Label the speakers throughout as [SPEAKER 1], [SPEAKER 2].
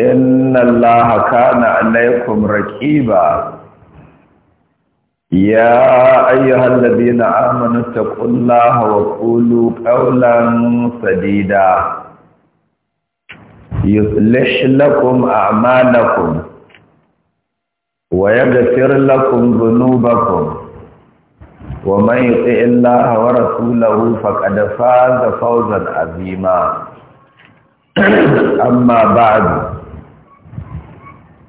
[SPEAKER 1] inna allaha kana alaykum raqiba ya ayyuhal ladina amanu taqullaha wa qulu qawlan sadida yuslih lakum a'malakum wa yaghfir lakum dhunubakum wa man yuti illaha wa rasulahu faqad faza fawzan azima amma ba'du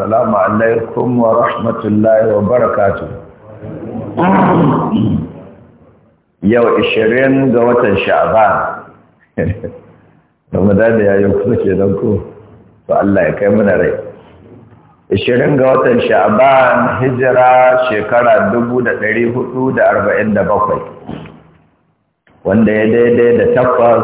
[SPEAKER 1] assalamu alaikum wa rahmatullahi wa barakatu yau 20 ga watan sha'ban ramadan da yayin kuma ke don ku to Allah ya kai muna rai 20 ga watan sha'ban hijira shekara 1447 wanda ya daidai da takwas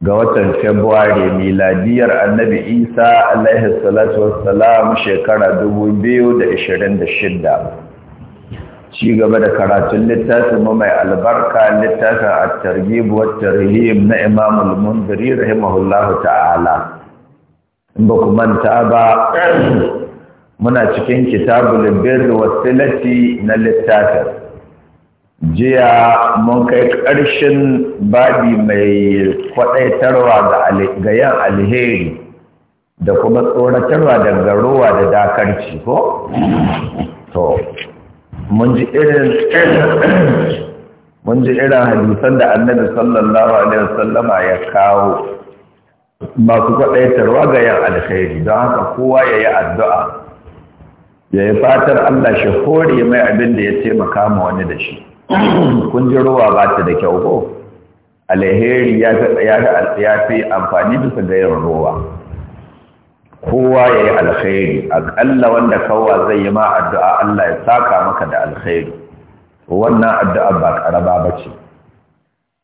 [SPEAKER 1] ga watan Februari miladiyar Annabi Isa alaihi salatu wassalam shekara 2026 ci gaba da karatun littafin mai albarka littafin at-targhib wa tarhib na Imam al-Munziri rahimahullahu ta'ala in ba ku manta ba muna cikin kitabul birr salati na littafin jiya mun kai ƙarshen babi mai kwaɗaitarwa ga yan alheri da kuma tsoratarwa daga ruwa da dakarci ko? to mun ji irin hadisan da annabi sallallahu alaihi wasallama ya kawo masu kwaɗaitarwa ga yan alheri don haka kowa ya yi addu'a ya yi fatar Allah shi hori mai abin da ya taimaka ma wani da shi kun ji ruwa ba ta da kyau ko alheri ya fi amfani bisa ga yin ruwa kowa ya yi alheri aƙalla wanda kawa zai yi ma addu'a Allah ya saka maka da alheri wannan addu'a ba ƙaraba ba ce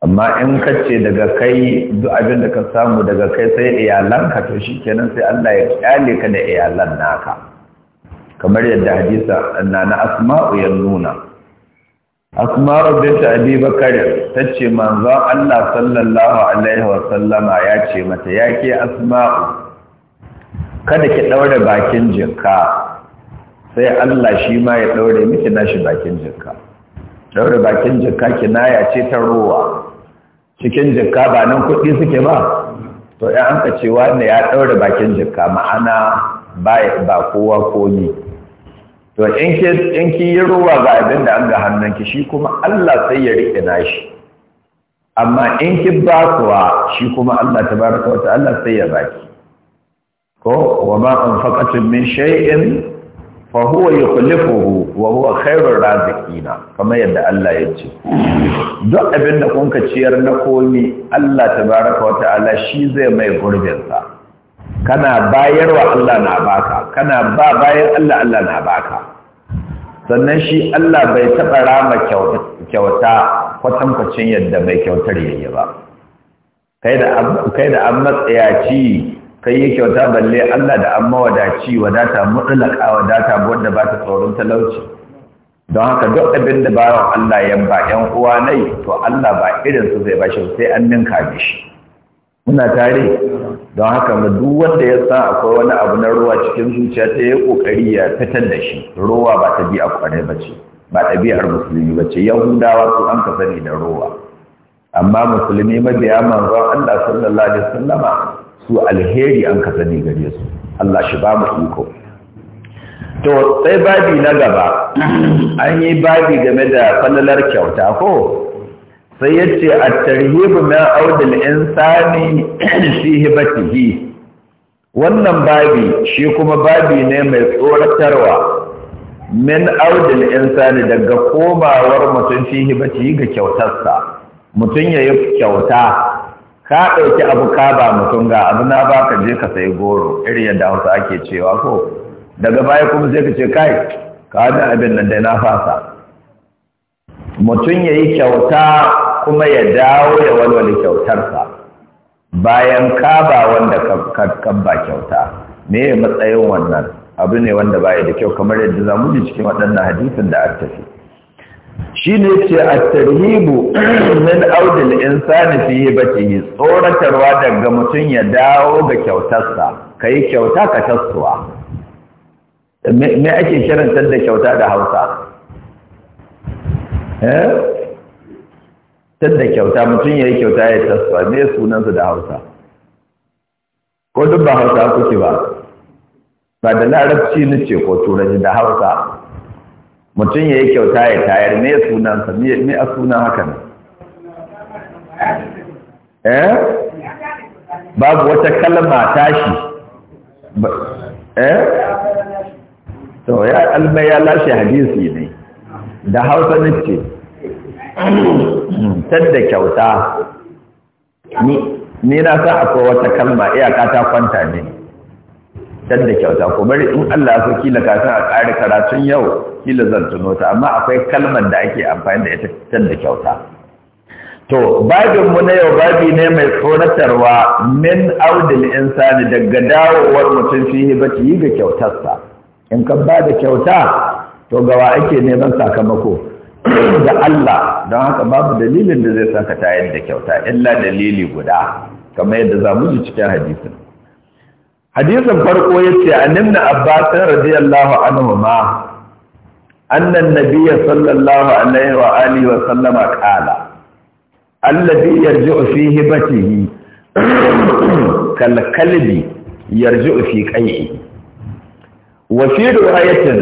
[SPEAKER 1] amma in ka ce daga kai duk abin da ka samu daga kai sai iyalanka to shi kenan sai Allah ya kyale ka da iyalan naka kamar yadda hadisa na na asma'u ya nuna asma'u binta abi ta tace manzon Allah sallallahu alaihi wa ya ce mata yake asma'u kada ki daure bakin jinka sai Allah shi ma ya daure miki nashi bakin jinka daure bakin jinka ya ce ta ruwa cikin jinka ba nan kuɗi suke ba to ya an ka cewa ne ya daure bakin jinka ma'ana ba kowa ko ni to in ki yi ruwa ga abin da an ga hannunki shi kuma Allah sai ya riƙe nashi amma in ki ba kuwa shi kuma Allah tabaraka wa ta'ala sai ya baki ko wa ma anfaqatun min shay'in fa huwa yukhlifuhu wa huwa khairur raziqina kama yadda Allah ya ce duk abin da kun ka ciyar na komi Allah tabaraka wa ta'ala shi zai mai gurbinsa sa kana bayarwa Allah na baka kana ba bayan Allah Allah na baka sannan shi Allah bai taɓa rama kyauta kwatankwacin yadda mai kyautar yayi ba kai da an matsayaci kai yi kyauta balle Allah da an mawadaci wadata mutulaka wadata wadda ba ta tsoron talauci don haka duk abin da Allah ya ba 'yan uwa nai to Allah ba irin su zai ba shi sai an ninka mishi muna tare don haka mu duk wanda ya sa akwai wani abu na ruwa cikin zuciya ta yi kokari ya fitar da shi ruwa ba ta bi a kwarai ba ce ba ɗabi'ar musulmi ba ce yahudawa su an ka sani da ruwa amma musulmi mabiya manzon Allah sallallahu alaihi wasallama su alheri an ka sani gare su Allah shi ba mu iko to sai babi na gaba an yi babi game da fallalar kyauta ko sai ya ce a tarhibu min audul insani shi hibatihi wannan babi shi kuma babi ne mai tsoratarwa min audul insani daga komawar mutum shi hibatihi ga kyautarsa mutum ya yi kyauta ka ɗauki abu ka ba mutum ga abu na ba ka je ka sai goro irin yadda hausa ake cewa ko daga baya kuma sai ka ce kai ka abin nan dai na fasa mutum ya yi kyauta kuma ya dawo ya walwale kyautarsa bayan ka ba wanda ka kyauta me ya matsayin wannan abu ne wanda baya da kyau kamar yadda za mu ji cikin waɗannan hadisin da aka tafi shi ne ce a tarhibu min audil insani fi yi tsoratarwa daga mutum ya dawo ga kyautarsa ka yi kyauta ka tasowa me ake kirantar da kyauta da hausa Eh? tun da kyauta mutum ya yi kyauta ya tasfa, ne sunansa da hausa ko duk ba hausa kuke ba ba da larabci ni ce ko turaji da hausa mutum ya yi kyauta ya tayar ne sunansa ne a sunan haka ne eh babu wata kalma tashi eh to ya almai ya lashe hadisi ne da hausa nace hmm, tadda kyauta ni na sa akwai wata kalma iyaka ta kwanta ne tadda kyauta ko bari in Allah ya so kila kafin a ƙare karatun yau kila zan tuno ta amma akwai kalmar da ake amfani da ita tadda kyauta to babin mu na yau babi ne mai tsoratarwa min audil insani daga dawowar mutum fi yi ga kyautarsa in ka ba da kyauta to gawa ake neman sakamako da Allah don haka babu dalilin da zai saka ta yadda kyauta illa dalili guda kamar yadda za mu ji cikin hadisin hadisin farko ya yace annabna abbas radiyallahu anhu ma annan nabiyya sallallahu alaihi wa alihi wa sallama qala alladhi yarji'u fi hibatihi kal kalbi yarji'u fi qai'ihi وفي رواية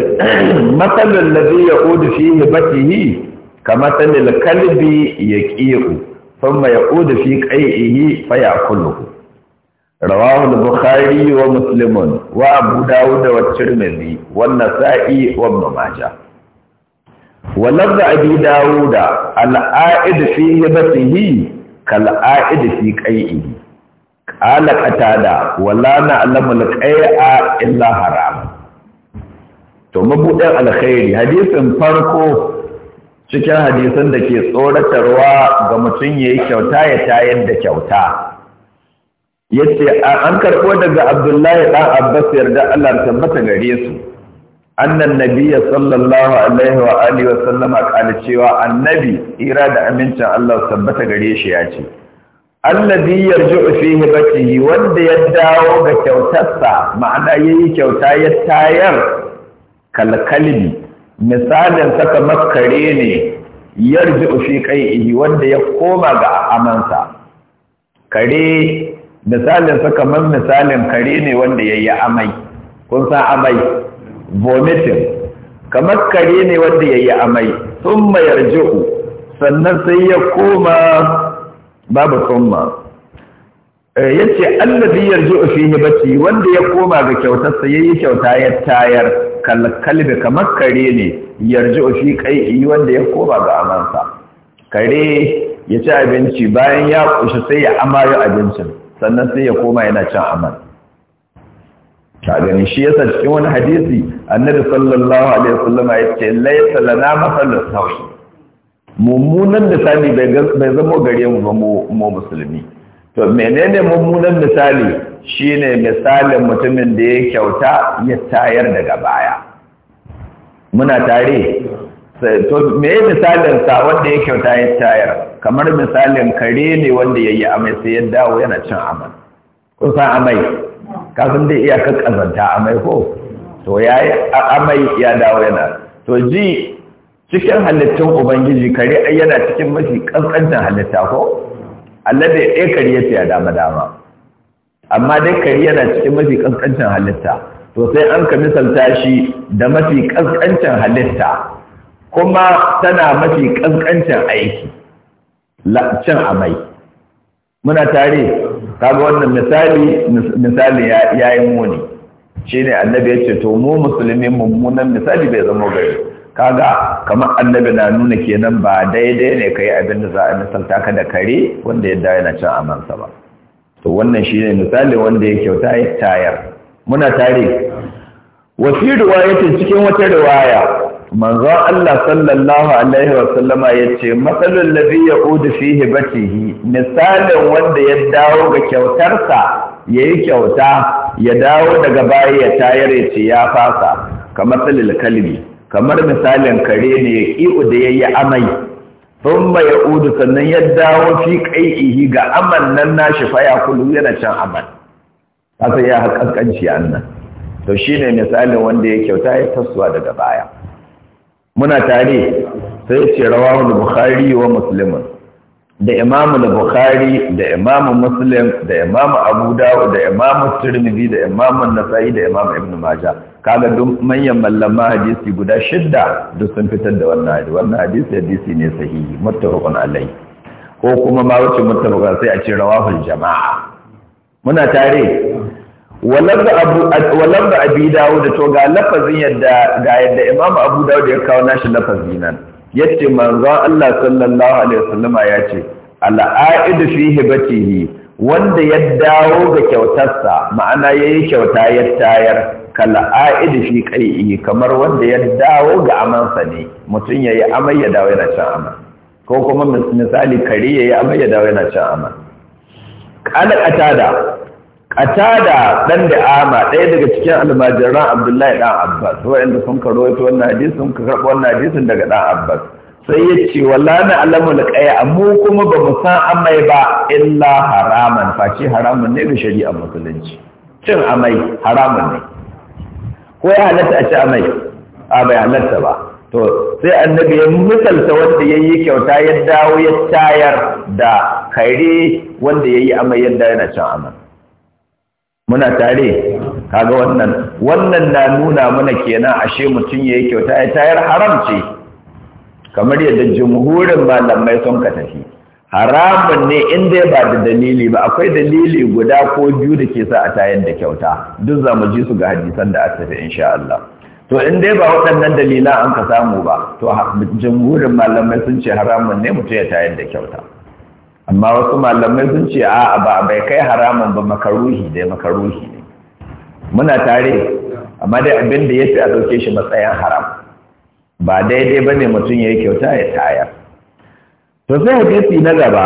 [SPEAKER 1] مثل الذي يقود في هبته كمثل الكلب يكيء ثم يقود في قيئه فيأكله رواه البخاري ومسلم وأبو داود والترمذي والنسائي وابن ماجه ولفظ أبي داود العائد في هبته كالعائد في قيئه قال قتادة ولا نعلم القيء إلا حرام to mabuɗin alkhairi hadisin farko cikin hadisan da ke tsoratarwa ga mutum ya yi kyauta ya tayar da kyauta ya ce an karɓo daga abdullahi ɗan abbas yarda allah tabbata gare su annan nabiya sallallahu alaihi wa alihi wa sallama kala cewa annabi ira da amincin allah tabbata gare shi ya ce allazi yarji'u fi hibatihi wanda ya dawo ga kyautarsa ma'ana yayi kyauta ya tayar kalkalbi misalin saka makare ne yarji kai ihi wanda ya koma ga amansa kare misalin saka man misalin kare ne wanda yayi amai kun san amai vomiting kamar kare ne wanda yayi amai thumma ji'u, sannan sai ya koma babu thumma eh, yace allazi yarji'u fihi bati wanda ya koma ga kyautar ya yayi kyauta ya tayar Kalbe kamar kare ne yarji ofi kai wanda ya koma ga amansa kare ya ci abinci bayan ya kushi sai ya amayo abincin sannan sai ya koma yana cin aman ta gani shi ya yasa cikin wani hadisi annabi sallallahu alaihi wasallam ya ce laysa lana masallu sawi mummunan da sani bai zama gare mu ba mu musulmi to menene mummunan misali shine misalin mutumin da ya kyauta ya tayar daga baya muna tare to me misalin sa wanda ya kyauta ya tayar kamar misalin kare ne wanda ya yi amai sai ya dawo yana cin amai kun amai kafin dai iya kakkazanta amai ko to ya yi amai ya dawo yana to ji cikin halittun ubangiji kare yana cikin mafi kaskantar halitta ko Allah da ya kari ya dama dama amma dai kari yana cikin mafi ƙasƙancin halitta to sai an ka misalta shi da mafi ƙasƙancin halitta kuma tana mafi ƙasƙancin aiki cin amai muna tare kaga wannan misali misali ya yi muni ne annabi ya ce to mu musulmi mummunan misali bai zama gari kaga kamar annabi na nuna kenan ba daidai ne kai abin da za a misalta ka da kare wanda ya dawo yana cin amansa ba to wannan shine misali wanda ya kyauta ya tayar muna tare wasu riwayatin cikin wata riwaya manzon Allah sallallahu alaihi wa sallama yace matsalul ladhi yaudu fihi batihi misalin wanda ya dawo ga kyautarsa yayi kyauta ya dawo daga baya ya tayar ya ce ya fasa kamar tsalil kalbi kamar misalin kare ne ya ƙi'u da ya yi amai sun ba ya udu sannan ya dawo fi ƙai'ihi ga aman nan nashi faya kulu yana can aman kasa ya haƙaƙanci a nan to shi ne misalin wanda ya kyauta ya taswa daga baya muna tare sai ce rawa da bukhari wa muslimin da imamu da bukhari da imamu muslim da imamu abu dawud da imamu tirmidhi da imamu nasa'i da imamu Ibn Maja. kaga duk manyan mallama hadisi guda shidda duk sun fitar da wannan hadisi wannan hadisi hadisi ne sahihi muttafaqun alai ko kuma ma wace muttafaqa sai a ce rawahul jama'a muna tare abu da abi dawo da to ga lafazin yadda ga yadda imam abu dawo da ya kawo nashi lafazin nan yace ce manzon Allah sallallahu alaihi wasallama ya ce al'aidu fi hibatihi wanda ya dawo ga kyautarsa ma'ana yayi kyauta ya tayar kala aidi fi qai'i kamar wanda ya dawo ga amansa ne mutun yayi amai ya dawo yana cin amai ko kuma misali kare yayi amai ya dawo yana cin amai kala qatada qatada dan da ama ɗaya daga cikin almajiran Abdullahi dan Abbas wanda sun karo ita wannan hadisi sun karbo wannan hadisi daga dan Abbas sai ya ce wala na alamul kuma ba mu san amai ba illa haraman ce haramun ne ga shari'ar musulunci cin amai haramun ne ko ya halatta a ci amai a bai halatta ba to sai annabi ya misalta wanda ya yi kyauta ya dawo ya tayar da kaire wanda ya yi amai yadda yana cin amai muna tare kaga wannan wannan na nuna mana kenan ashe mutum ya yi kyauta ya tayar haram ce kamar yadda jumhurin malamai sun ka tafi haramun ne in dai ba da dalili ba akwai dalili guda ko biyu da ke sa a tayar da kyauta duk za mu ji su ga hadisan da aka tafi insha Allah to in dai ba waɗannan dalila an ka samu ba to jamhurin malamai sun ce haramun ne mutum ya tayar da kyauta amma wasu malamai sun ce a'a ba bai kai haramun ba makaruhi dai makaruhi ne muna tare amma dai abin da ya fi a dauke shi matsayin haram ba daidai ba ne mutum ya yi kyauta ya tayar to sai hadisi na gaba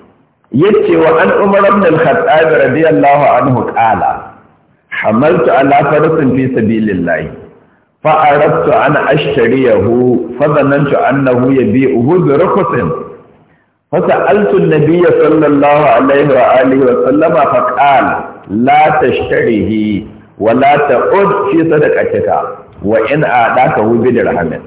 [SPEAKER 1] yace wa an umar ibn al-khattab radiyallahu anhu qala hamaltu ala farasin fi sabilillah fa aradtu an ashtariyahu fa dhanantu annahu yabi'uhu bi rukhsin fa sa'altu an-nabiy sallallahu alayhi wa alihi wa sallama fa qala la tashtarihi wa la ta'ud fi sadaqatika wa in a'daka bi dirhamin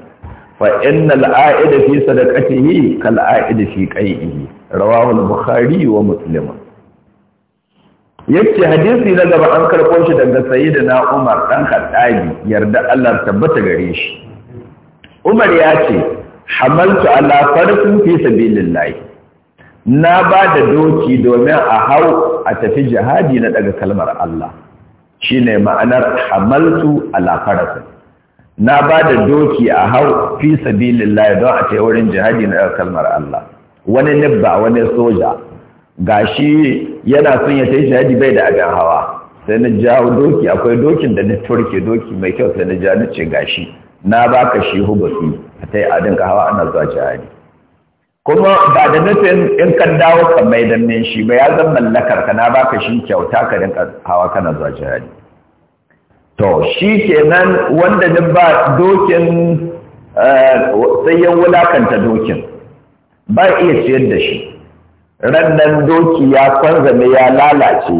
[SPEAKER 1] fa innal a'ida fi sadaqatihi kal a'ida fi qai'ihi rawahu al-bukhari wa muslim yace hadisi na gaba an karɓo shi daga sayyidina Umar dan Khattabi yarda Allah tabbata gare shi Umar ya ce hamaltu ala farqin fi sabilillah na ba da doki domin a hau a tafi jihadi na daga kalmar Allah shine ma'anar hamaltu ala farqin na ba da doki a hau fi sabilillahi don a ce wurin jihadi na kalmar Allah wani nibba wani soja ga shi yana son ya yi jihadi bai da abin hawa sai na jawo doki akwai dokin da na turke doki mai kyau sai na ja na ce shi, na ba ka shi su, a ta yi a ka hawa ana zuwa jihadi kuma ba da nufin in kan dawo kan mai dannin shi ba ya zan mallakar ka na ka shi kyauta ka dinka hawa kana zuwa jihadi to shi kenan wanda duk ba dokin eh, sai ya wulakanta dokin ba iya ciyar da shi rannan doki ya kwanzame ya lalace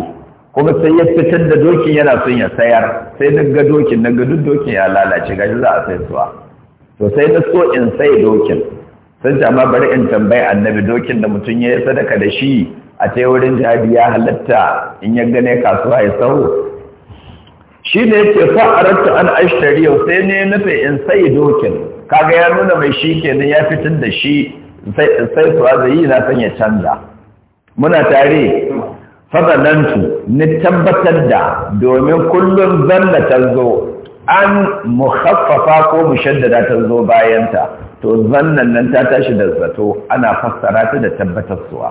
[SPEAKER 1] kuma sai ya fitar da dokin yana son ya sayar sai ga dokin ga duk dokin ya lalace gashi za a sai suwa to sai na so in sai dokin sun jama bari in tambayi annabi dokin da mutum ya yi sadaka da shi a ta wurin jihadi ya halatta in ya gane kasuwa ya sauro. shi ne yake fa'ararta an ashtari yau sai ne nufin in sai dokin kaga ya nuna mai shi kenan ya fitar da shi sai su a yi na san ya canza muna tare fazanantu ni tabbatar da domin kullum zalla ta zo an muhaffafa ko mushaddada ta zo bayanta to zannan nan ta tashi da zato ana fassara ta da tabbatar suwa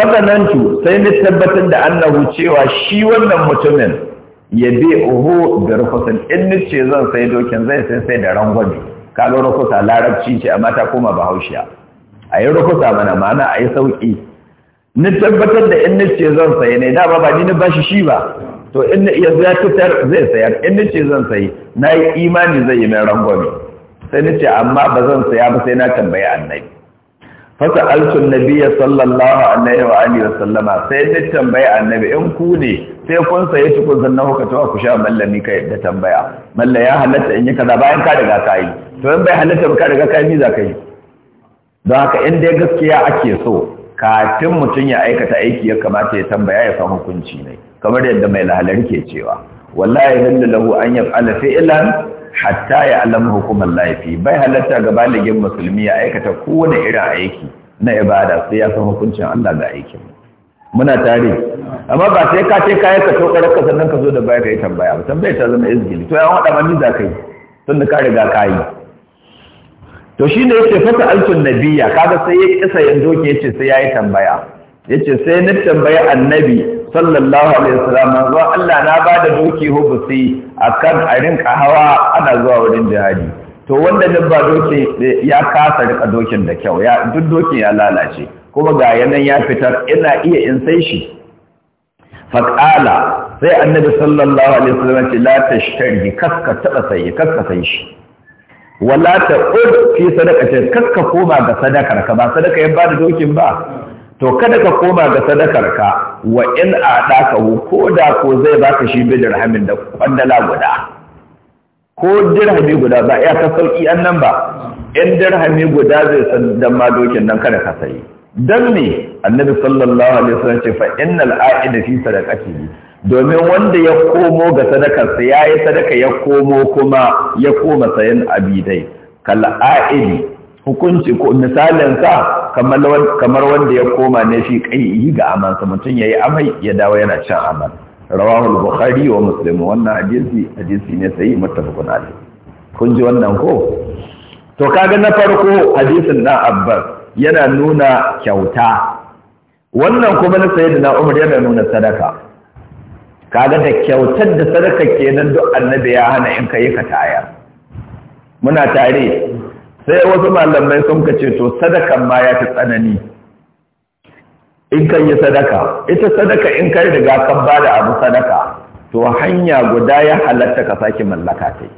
[SPEAKER 1] fazanantu sai ni tabbatar da annahu cewa shi wannan mutumin ya bi oho da rukusan in nice zan sai dokin zai sai sai da rangwami kaga rukusa larabci ce amma ta koma bahaushiya a yi rukusa mana mana a yi sauƙi ni tabbatar da in nice zan sai ne da ba ni ba bashi shi ba to in ya fitar zai sayar in nice zan sai na yi imani zai yi mai rangwani sai nice amma ba zan saya ba sai na tambayi annabi fasa alsun nabiya sallallahu alaihi wa alihi wa sallama sai na tambaya annabi in ku ne sai kun saye tukun zan kuka hukata ku sha mallami kai da tambaya mallai ya halatta in yi kaza bayan ka daga kai to in bai halatta ba ka daga kai ni za kai don haka in dai gaskiya ake so kafin mutum ya aikata aiki ya kamata ya tambaya ya san hukunci ne kamar yadda mai lahalar ke cewa wallahi halalla lahu an yaf'ala fi'lan hatta ya alamu hukumar laifi bai halatta ga baligin musulmi ya aikata kowane irin aiki na ibada sai ya san hukuncin Allah ga aikin muna tare amma ba sai ka ce kayan ka tokar ka sannan ka zo da baya ka yi tambaya ba tambaya ta zama izgili to yawan waɗa mani za ka yi tun da ka riga ka yi to shi ne yace fata altun nabiya kaga sai ya isa yanzu ke yace sai ya yi tambaya yace sai na tambaya annabi sallallahu alaihi wasallam zuwa Allah na bada doki hubusi akan a rinka hawa ana zuwa wurin jihadi to wanda ba doki ya kasa rika dokin da kyau ya duk dokin ya lalace kuma ga yanan ya fitar ina iya in sai shi faqala sai annabi sallallahu alaihi wasallam ce la tashtari kaska tada sai kaska sai shi wala ta ud fi sadaqati kaska koma ga sadakar ka ba sadaka ya bada dokin ba to kada ka koma ga sadakarka wa in a ko da ko zai baka shi bi dirhamin da kwandala guda ko dirhami guda ba ya ta sauki an nan ba in dirhami guda zai san dan ma dokin nan kada ka sayi dan ne annabi sallallahu alaihi wasallam ce fa innal a'ida fi sadaqati domin wanda ya komo ga sadakarsa yayi sadaka ya komo kuma ya koma sayan abidai kal a'idi hukunci ko misalin sa kamar wanda ya koma ne shi kai ga amansa mutum ya yi amai ya dawo yana cin aman rawahul bukhari wa muslim wannan hadisi hadisi ne sai mutafakun alayh kun ji wannan ko to kaga na farko hadisin dan abbas yana nuna kyauta wannan kuma na sayyidina umar yana nuna sadaka kaga da kyautar da sadaka kenan duk annabi ya hana in kai ka taya. muna tare sai wasu malamai sun ka ce to sadakan ma ya fi tsanani in kan yi sadaka ita sadaka in kai riga kan ba da abu sadaka to hanya guda ya halatta ka sake mallaka ta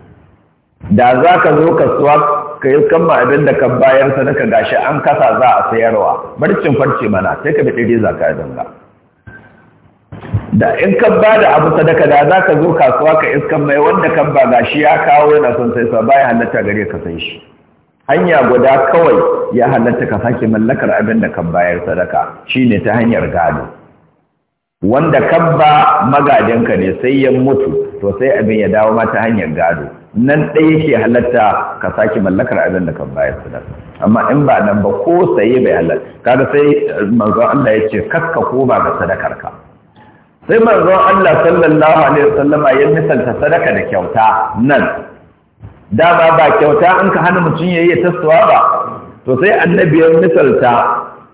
[SPEAKER 1] da za ka zo kasuwa ka yi kama abin da ka bayar sadaka gashi an kasa za a sayarwa barcin farce mana sai ka bi riza ka danga da in ka ba da abu sadaka da za ka zo kasuwa ka iskan mai wanda kan ba gashi ya kawo yana son sai sa baya halatta gare ka sai shi hanya guda kawai ya halatta ka sake mallakar abin da ka bayar sadaka shine ta hanyar gado wanda ba magajinka ne sai ya mutu to sai abin ya dawo ma ta hanyar gado nan ɗaya yake halatta ka sake mallakar abin da ka bayar sadaka amma in ba nan ba ko saye bai halatta kaga sai manzon Allah ya ce kakka koma ga sadakar ka sai manzon Allah sallallahu alaihi wasallama ya misalta sadaka da kyauta nan dama ba kyauta in ka hana mutum ya yi tasowa ba to sai annabi ya misalta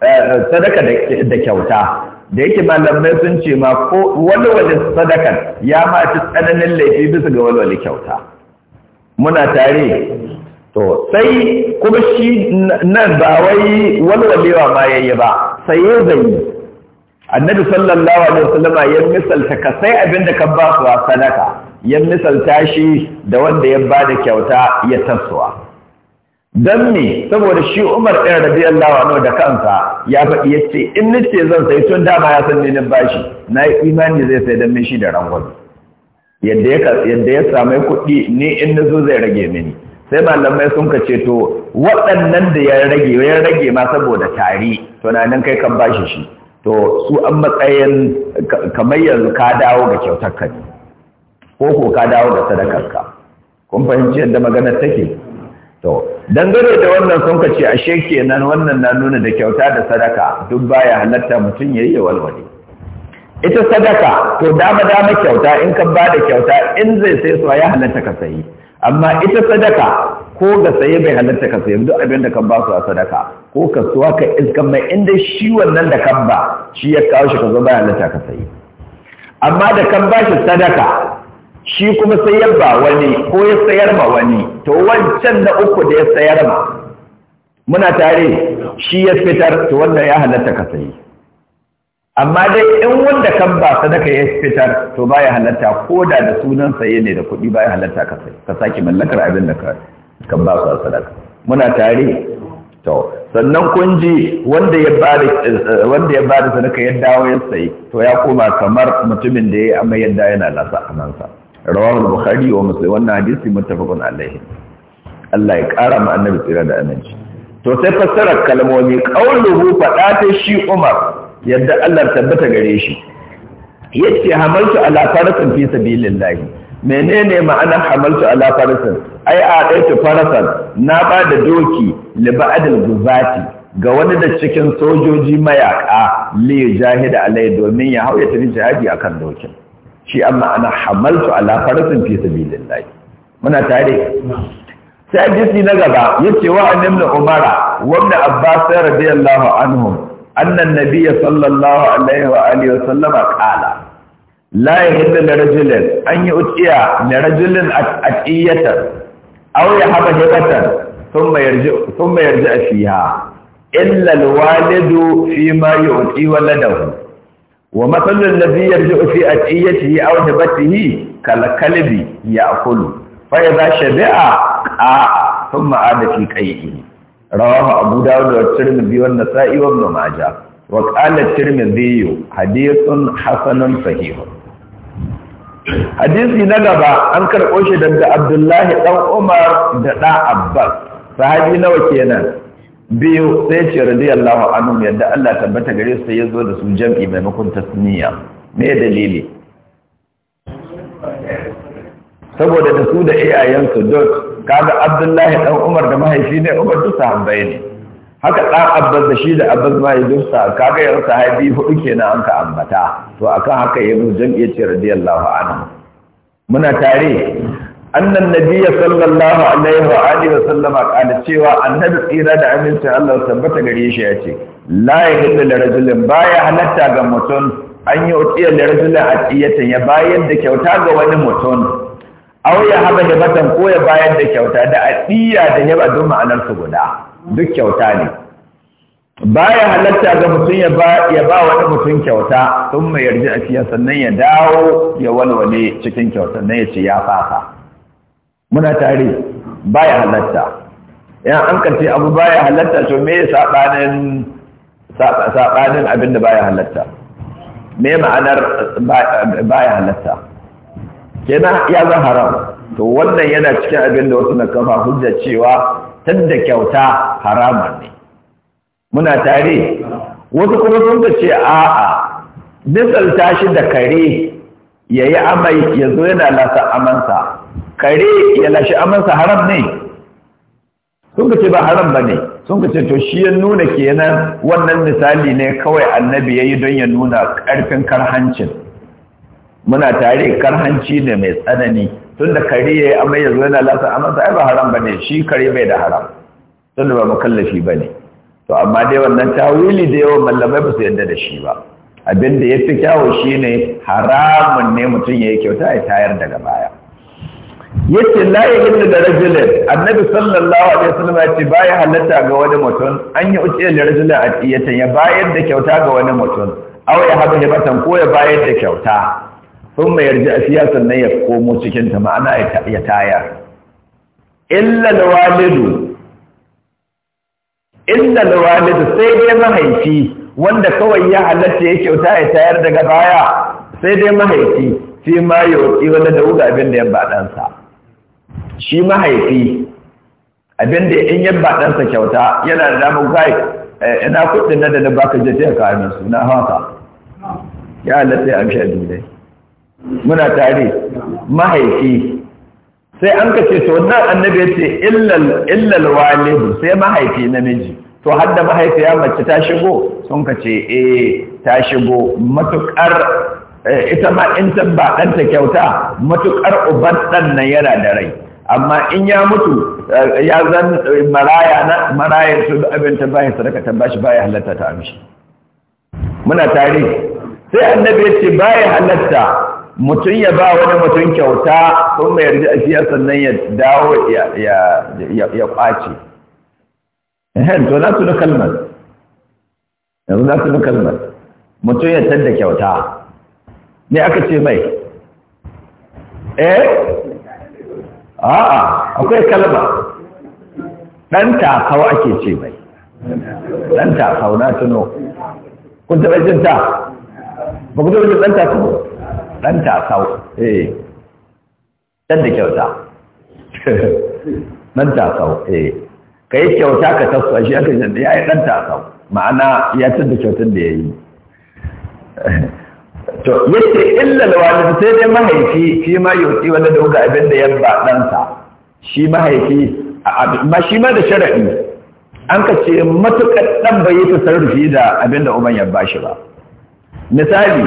[SPEAKER 1] eh, sadaka da kyauta da yake malamai sun ce ma ko walwale sadaka ya ma ci tsananin laifi bisa ga walwale kyauta muna tare to sai kuma shi nan ba wai walwalewa ma yi ba sai ya zai annabi sallallahu alaihi wasallama ya misalta ka sai abinda ka ba su sadaka ya misalta shi da wanda ya ba da kyauta ya tasowa don me saboda shi umar ɗaya da biyan lawa da kansa ya faɗi ya ce in nace zan sai tun dama ya san ninin bashi na yi imani zai sai don shi da rangwami yadda ya samu kuɗi ni in na zo zai rage mini sai malamai sun ka ce to waɗannan da ya rage ya rage ma saboda tari tunanin kai kan bashi shi to su an matsayin kamar yanzu ka dawo ga kyautar ka ko ko ka dawo da sadakarka kun fahimci yadda maganar take to dangane da wannan sun ka ce ashe kenan wannan na nuna da kyauta da sadaka duk baya halatta mutum yayi ya walwale ita sadaka to dama dama kyauta in ka ba da kyauta in zai sai su ya halatta ka sayi amma ita sadaka ko ga saye bai halatta ka sayi duk abin da kan ba su a sadaka ko kasuwa ka iska mai inda shi wannan da kan ba shi ya kawo shi ka zo bai halatta ka sayi amma da kan ba shi sadaka shi kuma sayar ba wani ko ya sayar ma wani to wancan na uku da ya sayar ma muna tare shi ya fitar to wannan ya halatta ka sayi amma dai in wanda kan ba sadaka ya fitar to ba ya halatta ko da da sunan saye ne da kuɗi ba ya halatta ka sayi ka saki mallakar abin da ka kan ba su sadaka muna tare to sannan kun ji wanda ya bada wanda ya da sadaka ya dawo ya sayi to ya koma kamar mutumin da ya amma yadda yana lasa amansa Rawar bukhari wa muslim wannan hadisi muttafaqun alaihi Allah ya kara ma annabi tsira da aminci to sai fassarar kalmomi qauluhu faɗa ta shi Umar yadda Allah tabbata gare shi yace hamaltu ala farasin fi sabilillah menene ma'anar hamaltu ala farasin ai a farasan na ba da doki li ba'dal guzati ga wani da cikin sojoji mayaka liya jahida alai domin ya hau ya tafi jihadi akan dokin shi amma ana hamaltu ala farasin fi sabilillah muna tare sai hadisi na gaba yace wa annabi Umar, wa ibn abbas radiyallahu anhum anna an-nabiyya sallallahu alaihi wa alihi wa sallama qala la yahillu rajulin, an yu'tiya lirajulin atiyatan aw yahaba hibatan thumma yarji'u thumma yarji'u fiha illa al-walidu fi ma yu'ti waladahu wa matsalin da biyar ji ofi a tsiyaci ya auta batihi kalakalibi ya akulu faya za shabi'a a sun ma'ada fi ƙai'i rawahu abu dawud wa tirmidhi wa nasa'i wa ibn majah wa qala tirmidhi hadithun hasanun sahih hadisi na gaba an karɓo shi daga abdullahi dan umar da ɗa abbas sahabi nawa kenan biyu sai ce radiyallahu anhu yadda Allah tabbata gare su sai ya zo da su jam'i maimakon tasniya me dalili saboda da su da iyayensu dot kaga Abdullahi dan Umar da mahaifi ne Umar duk sahabbai ne haka da Abbas da shi da Abbas mahaifin sa kaga yar sahabi hudu kenan an ka ambata to akan haka ya zo jam'i ce radiyallahu anhu muna tare annan nabiyya sallallahu alaihi wa alihi wa sallama kana cewa annabi tsira da amincin Allah tabbata gare shi ya ce la yahillu li rajulin baya halatta ga mutum an yi utiya li rajulin atiyatan ya bayar da kyauta ga wani mutum aw ya haba da batan ko ya bayar da kyauta da ɗiya da yaba don ma'anar guda duk kyauta ne baya halarta ga mutum ya ba wani mutum kyauta sun mai yarda a cikin sannan ya dawo ya walwale cikin kyautar nan ya ce ya fasa muna tare baya halatta yan an karce abu baya halatta to me sabanin sabanin abin da baya halatta me ma'anar baya halatta kenan ya zan haram to wannan yana cikin abin da wasu na kafa hujja cewa da kyauta harama ne muna tare wasu kuma sun ce a'a misalta shi da kare ya yi amai zo yana lasa amansa kare ya lashe amansa haram ne sun ka ce ba haram ba ne sun ka ce to shi ya nuna kenan wannan misali ne kawai annabi ya yi don ya nuna karfin karhancin muna tare karhanci ne mai tsanani tun da kare ya yi amai ya zuwa lasa amansa ai ba haram ba ne shi kare bai da haram tun da ba makallafi ba ne to amma dai wannan tawili da yawan mallamai ba su yarda da shi ba abin da ya fi kyawo shi ne haramun ne mutum ya yi kyauta ya tayar da gaba. yake la inda da rajulin annabi sallallahu alaihi wasallam ce baya halatta ga wani mutum an yi uce da rajulin tiyata ya bayar da kyauta ga wani mutum aw ya haɗu batan ko ya bayar da kyauta sun mai yarda a fiya sannan ya komo cikin ta ma'ana ya tayar illa alwalidu illa alwalidu sai dai mahaifi wanda kawai ya halatta ya kyauta ya tayar daga baya sai dai mahaifi fi ma yau wanda da wuga abin da ya ba ɗansa shi mahaifi abinda in yabba ɗansa kyauta yana da damar kai eh, ina kuɗin da da baka je sai ka min suna haka ya halatta an amshi adulai muna tare mahaifi sai an ka ce to nan annabi ya ce illal walidu sai mahaifi namiji to hadda mahaifiya mace ta shigo sun ka ce eh ta shigo matukar eh, ita ma in tabba ɗanta kyauta matukar uban ɗan nan yana da rai amma in ya mutu eh, ya zan eh, maraya na maraya su abin ta bayan sadaka ta bashi baya halatta ta amshi muna tare sai annabi ya ce baya halatta mutum ya ba wani mutum kyauta sun mai yarda a siya sannan ya dawo ya ya ya kwace ehem to na tuna kalmar yanzu na tuna kalmar mutum ya tanda kyauta ne aka ce mai eh a'a akwai kalba ɗan takau ake ce mai ɗan takau na tuno kun taɓa jin ta ba ku taɓa jin ɗan takau ɗan takau eh ɗan da kyauta ɗan takau eh ka yi kyauta ka tasu a shi aka jin ya yi ɗan takau ma'ana ya tun da kyautar da ya yi to yace illal wani sai dai mahaifi shi ma yuti wani da uga abin da yabba ɗansa shi mahaifi ma shi ma da shara'i, an ka ce matuƙar ɗan bai ta sarrafi da abin da uban yabba shi ba misali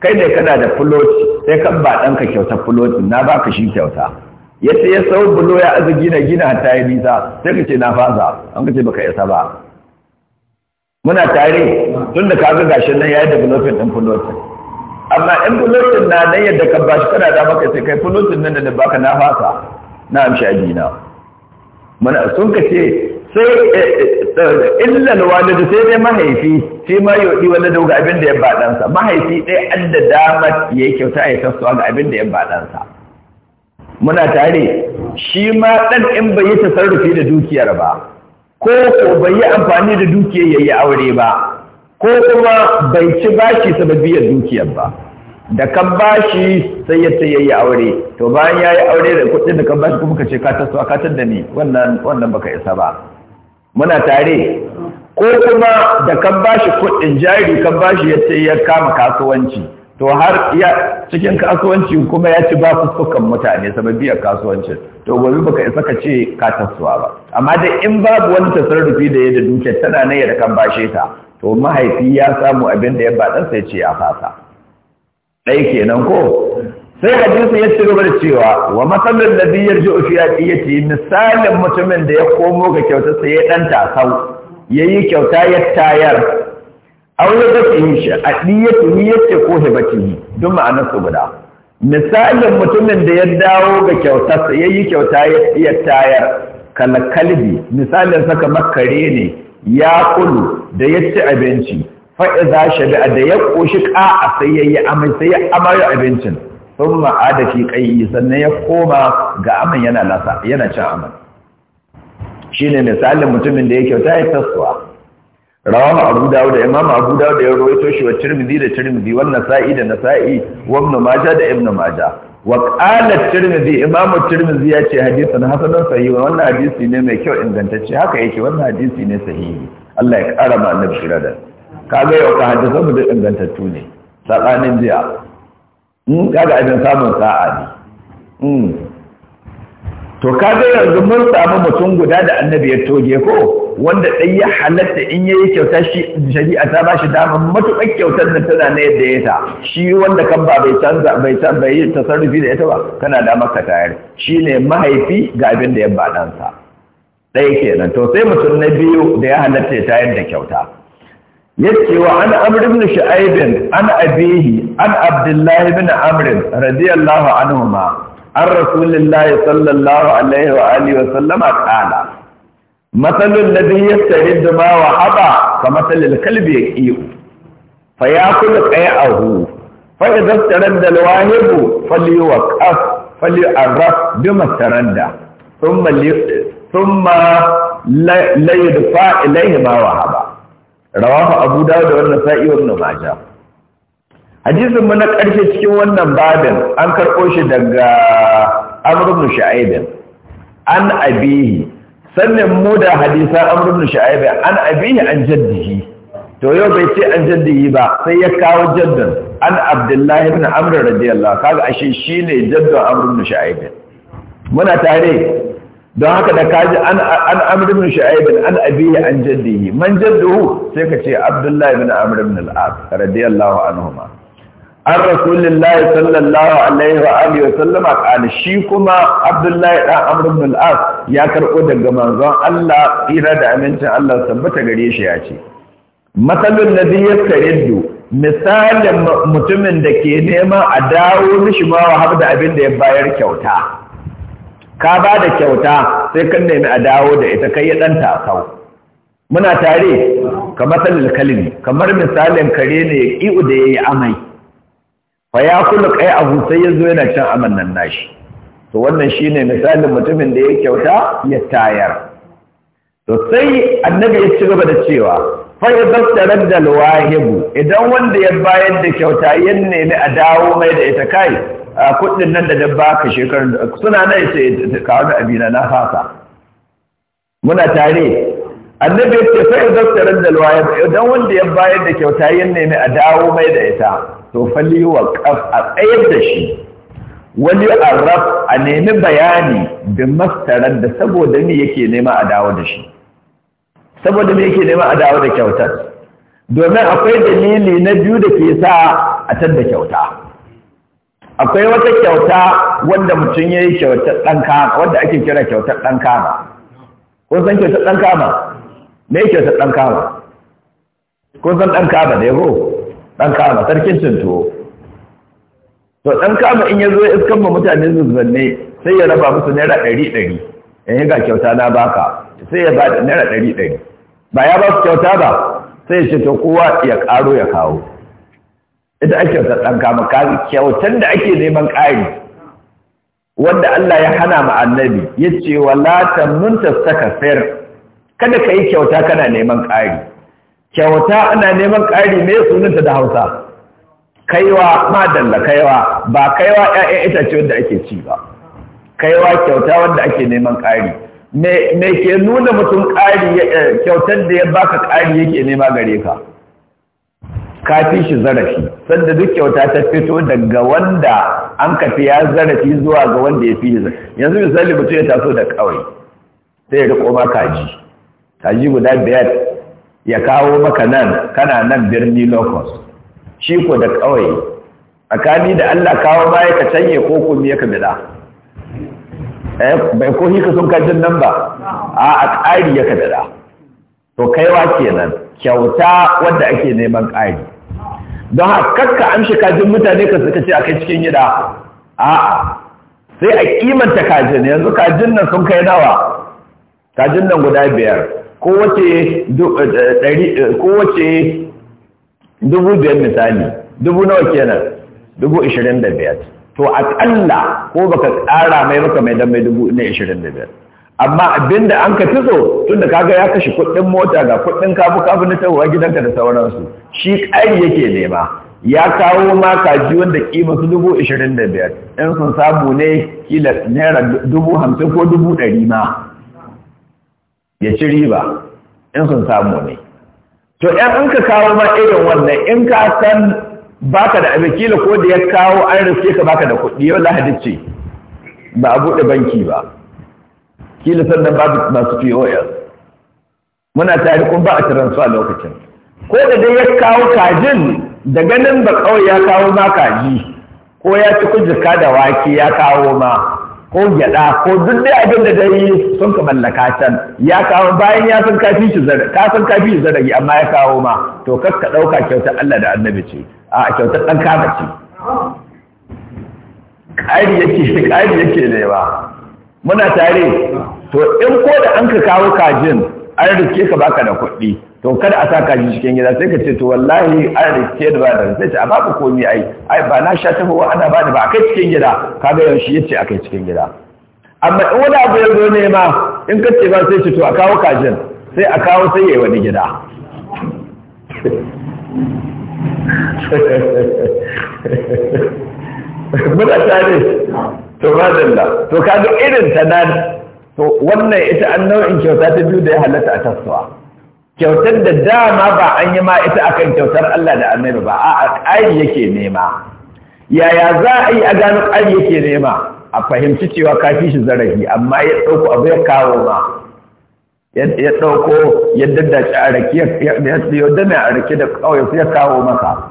[SPEAKER 1] kai ne kana da fuloti sai kan ba ɗanka kyauta fuloti na ba ka shi kyauta yace ya sau bulo ya aza gina gina ta yi nisa sai ka ce na fasa an ka ce baka isa ba muna tare tun da ka ga gashin nan ya yi da bulofin ɗin fuloti amma in fulotin na nan yadda ka ba shi kana dama sai kai fulotin nan da baka na fasa na amshi ajina mana sun ka ce sai eh, eh, eh, illal walid sai dai mahaifi shi ma di wanda da abin da ya ba ɗansa mahaifi dai an da dama ya yi kyauta ya sassuwa ga abin da ya ba ɗansa muna tare shi ma ɗan in bai yi tasarrufi da dukiyar ba ko ko bai yi amfani da dukiyar ya yi aure ba ko kuma bai ci bashi sababiyar dukiyar ba da ka bashi sai ya ce yayi aure to bayan yayi aure da kuɗin da ka bashi kuma ka ce ka taso ka tada ni wannan wannan baka isa ba muna tare ko kuma da ka bashi kuɗin jari ka bashi ya ce ya kama kasuwanci to har ya cikin kasuwanci kuma ya ci ba sukan mutane a kasuwancin to gobe baka isa ka ce ka tasowa ba amma dai in babu wani tasarrufi da ya da dukiyar tana ne da kan bashe ta to mahaifi ya samu abin da ya ba dan sai ce ya fasa
[SPEAKER 2] ɗai kenan ko
[SPEAKER 1] sai jinsu ya ci gaba da cewa wa matsalar da biyar ji ofi ce misalin mutumin da ya komo ga kyauta sai ya ɗan tasau ya yi kyauta ya tayar aure da fi yi shi a ɗiyatu ni yace ko hibati duk ma'anar su guda misalin mutumin da ya dawo ga kyauta ya yi kyauta ya tayar kalakalbi misalin saka makare ne ya kulu da ya ci abinci fa'iza shabi'a da ya ƙoshi a sai ya yi amai sai ya amai abincin sun da fi ƙayi sannan ya koma ga aman yana lasa yana cin aman shi ne misalin mutumin da ya kyauta ya taswa rawan abu dawo da imam abu dawo da ya rawaito shi wa cirmizi da cirmizi wannan sa'i da na wa wannan maja da ibn maja wa ƙalar cirmizi imam cirmizi ya ce hadisan hasanun wa. wannan hadisi ne mai kyau ingantacce haka yake wannan hadisi ne sahihi Allah ya ƙara ma annabi shirada kaga yau ka haddasa mu da ingantattu ne tsakanin jiya in hmm, kaga abin samun sa'a ne hmm. to kaga yanzu mun samu mutum guda da annabi ya toge ko wanda ɗan ya halatta in ya yi kyauta shi shari'a ta ba shi damar matuƙar kyautar da tana na yadda ya ta shi wanda kan ba bai canza bai canza bai yi tasarrufi da ita ba kana da maka tayar shi ne mahaifi ga abin da ya ba ɗansa ɗaya kenan to sai mutum na biyu da ya halatta ya tayar da kyauta yace wa an amrin ibn shu'aib an abihi an abdullahi ibn amr radiyallahu ma an rasulillahi sallallahu alaihi wa alihi wa sallama qala mathalul ladhi yastarid ma wa haba ka mathalil kalbi ya yaqiu fa ya a hu fa idza taranda alwahibu a ras bima taranda thumma thumma la yadfa ilayhi ma wa haba Rawafa abu da da wannan wa ibn majah hadisin mu na karshe cikin wannan babin an karɓo shi daga amr ibn an abihi sannan mu da Hadisa amr ibn an abihi an jaddihi to yau bai ce an jaddihi ba sai ya kawo jaddan an abdullahi ibn amr radiyallahu kaga ashe shine jaddan jaddun ibn shu'aib muna tare don haka da kaji an an min ibn an abihi an jaddihi man jadduhu sai ka ce abdullahi min amr min al-as radiyallahu anhuma an rasulullahi sallallahu alaihi wa alihi wa sallama kana shi kuma abdullahi dan amr min al-as ya karbo daga manzon Allah ira da amincin Allah sabbata gare shi ya ce matsalin ladhi yastariddu misalin mutumin da ke nema a dawo mishi ma wa habda abin da ya bayar kyauta ka ba da kyauta sai kan nemi a dawo da ita kai ya ɗanta a kawo muna tare ka matsalar kamar misalin kare ne ya ƙi'u da ya yi amai fa ya kula ƙai abu sai ya zo yana can aman nan nashi to wannan shi ne misalin mutumin da ya kyauta ya tayar to sai annabi ya ci gaba da cewa fa ya zattarar da wahibu idan wanda ya bayar da kyauta ya nemi a dawo mai da ita kai a kuɗin nan da na baka shekarun da suna nan sai ka wani abina na fasa muna tare annabi ce sai daktarin dalwaya idan wanda ya bayar da kyauta yin nemi a dawo mai da ita to falli wa kaf a tsayar da shi wani arab a nemi bayani bin mastaran da saboda ni yake nema a dawo da shi saboda ni yake nema a dawo da kyautar domin akwai dalili na biyu da ke sa a tar da kyauta akwai wata kyauta wanda mutum ya yi kyautar ɗan kama wanda ake kira kyautar ɗan kama kun san kyautar ɗan kama me kyautar ɗan kama kun san ɗan kama da yabo ɗan kama sarkin cinto to ɗan kama in ya zo ya iskan ma mutane zuzanne sai ya raba musu naira ɗari ɗari in eh, ga kyauta na baka sai ya ba da naira ɗari ɗari ba ya ba su kyauta ba sai ya ce to kowa ya ƙaro ya kawo ita ake ɗan kama kyautar da ake neman ƙari wanda Allah ya hana mu annabi ya ce wa latan mun saka sayar kada ka yi kyauta kana neman ƙari kyauta ana neman ƙari me sunanta da hausa kaiwa madalla kaiwa ba kaiwa ƴaƴan itace wanda ake ci ba kaiwa kyauta wanda ake neman ƙari me ke nuna mutum ƙari eh, kyautar da ya baka ƙari yake nema gare ka ka fi shi zarafi sanda duk kyauta ta fito daga wanda an ka ya zarafi zuwa ga wanda ya fi shi yanzu misali mutum ya taso da kawai sai ya riko ma kaji kaji guda biyar ya kawo maka nan kana nan birni locust shi ko da kawai tsakani da Allah kawo baya ka canye ko kuma ya ka bida eh, bai ko hika sun kajin nan ba a ƙari ya ka to kaiwa kenan kyauta wanda ake neman ƙari don haka kakka amshi kajin mutane ka suka ce a kai cikin da a'a sai a kimanta kajin yanzu kajin nan sun kai nawa kajin nan guda biyar eh, eh, kowace dubu biyar misali dubu nawa kenan dubu ishirin da biyar to aƙalla ko baka ƙara mai baka mai dan mai dubu na ishirin da biyar amma abinda an ka tun tunda kaga ya kashe kudin mota ga kudin kafu kafu na tawowa gidanka da sauransu shi ƙari yake nema ya kawo ma kaji wanda kima su dubu ishirin da biyar in sun samu ne kila naira dubu hamsin ko dubu ɗari ma ya ci riba in sun samu ne to ‘yan an ka kawo ma irin wannan in ka san baka da abin kila ko da ya kawo an riske ka baka da kuɗi yau lahadi ce ba a buɗe banki ba kila sannan babu masu POS muna tare kun ba a su a lokacin ko da dai ya kawo kajin da ganin ba kawai ya kawo ma kaji ko ya ci kujika da wake ya kawo ma ko gyada ko duk dai abin da dai sun ka mallaka can ya kawo bayan ya san kafi shi zara ka san kafi shi zara amma ya kawo ma to kar ka dauka kyautar Allah da Annabi ce a kyautar dan kaba ce ƙari yake ƙari yake da yawa muna tare to in ko da an ka kawo kajin an rike ka baka da kuɗi to kada a sa kaji cikin gida sai ka ce to wallahi an rike da bada da sai ce a baka komi ai ai ba na sha tafowa ana ba a ba kai cikin gida kaga yaushe yace akai cikin gida amma in wani abu ya zo ne ma in ka ce ba sai ce to a kawo kajin sai a kawo sai yayi wani gida muna tare to ba da to kaga irin ta nan to wannan ita an nau'in kyauta ta biyu da ya halatta a tasowa kyautar da dama ba an yi ma ita akan kyautar Allah da annabi ba a'a ƙari yake nema yaya za a yi a gano ƙari yake nema a fahimci cewa ka fi shi zarafi amma ya ɗauko abu ya kawo ma ya ɗauko ya daddace a rake ya siyo mai a rake da ƙauye ya kawo maka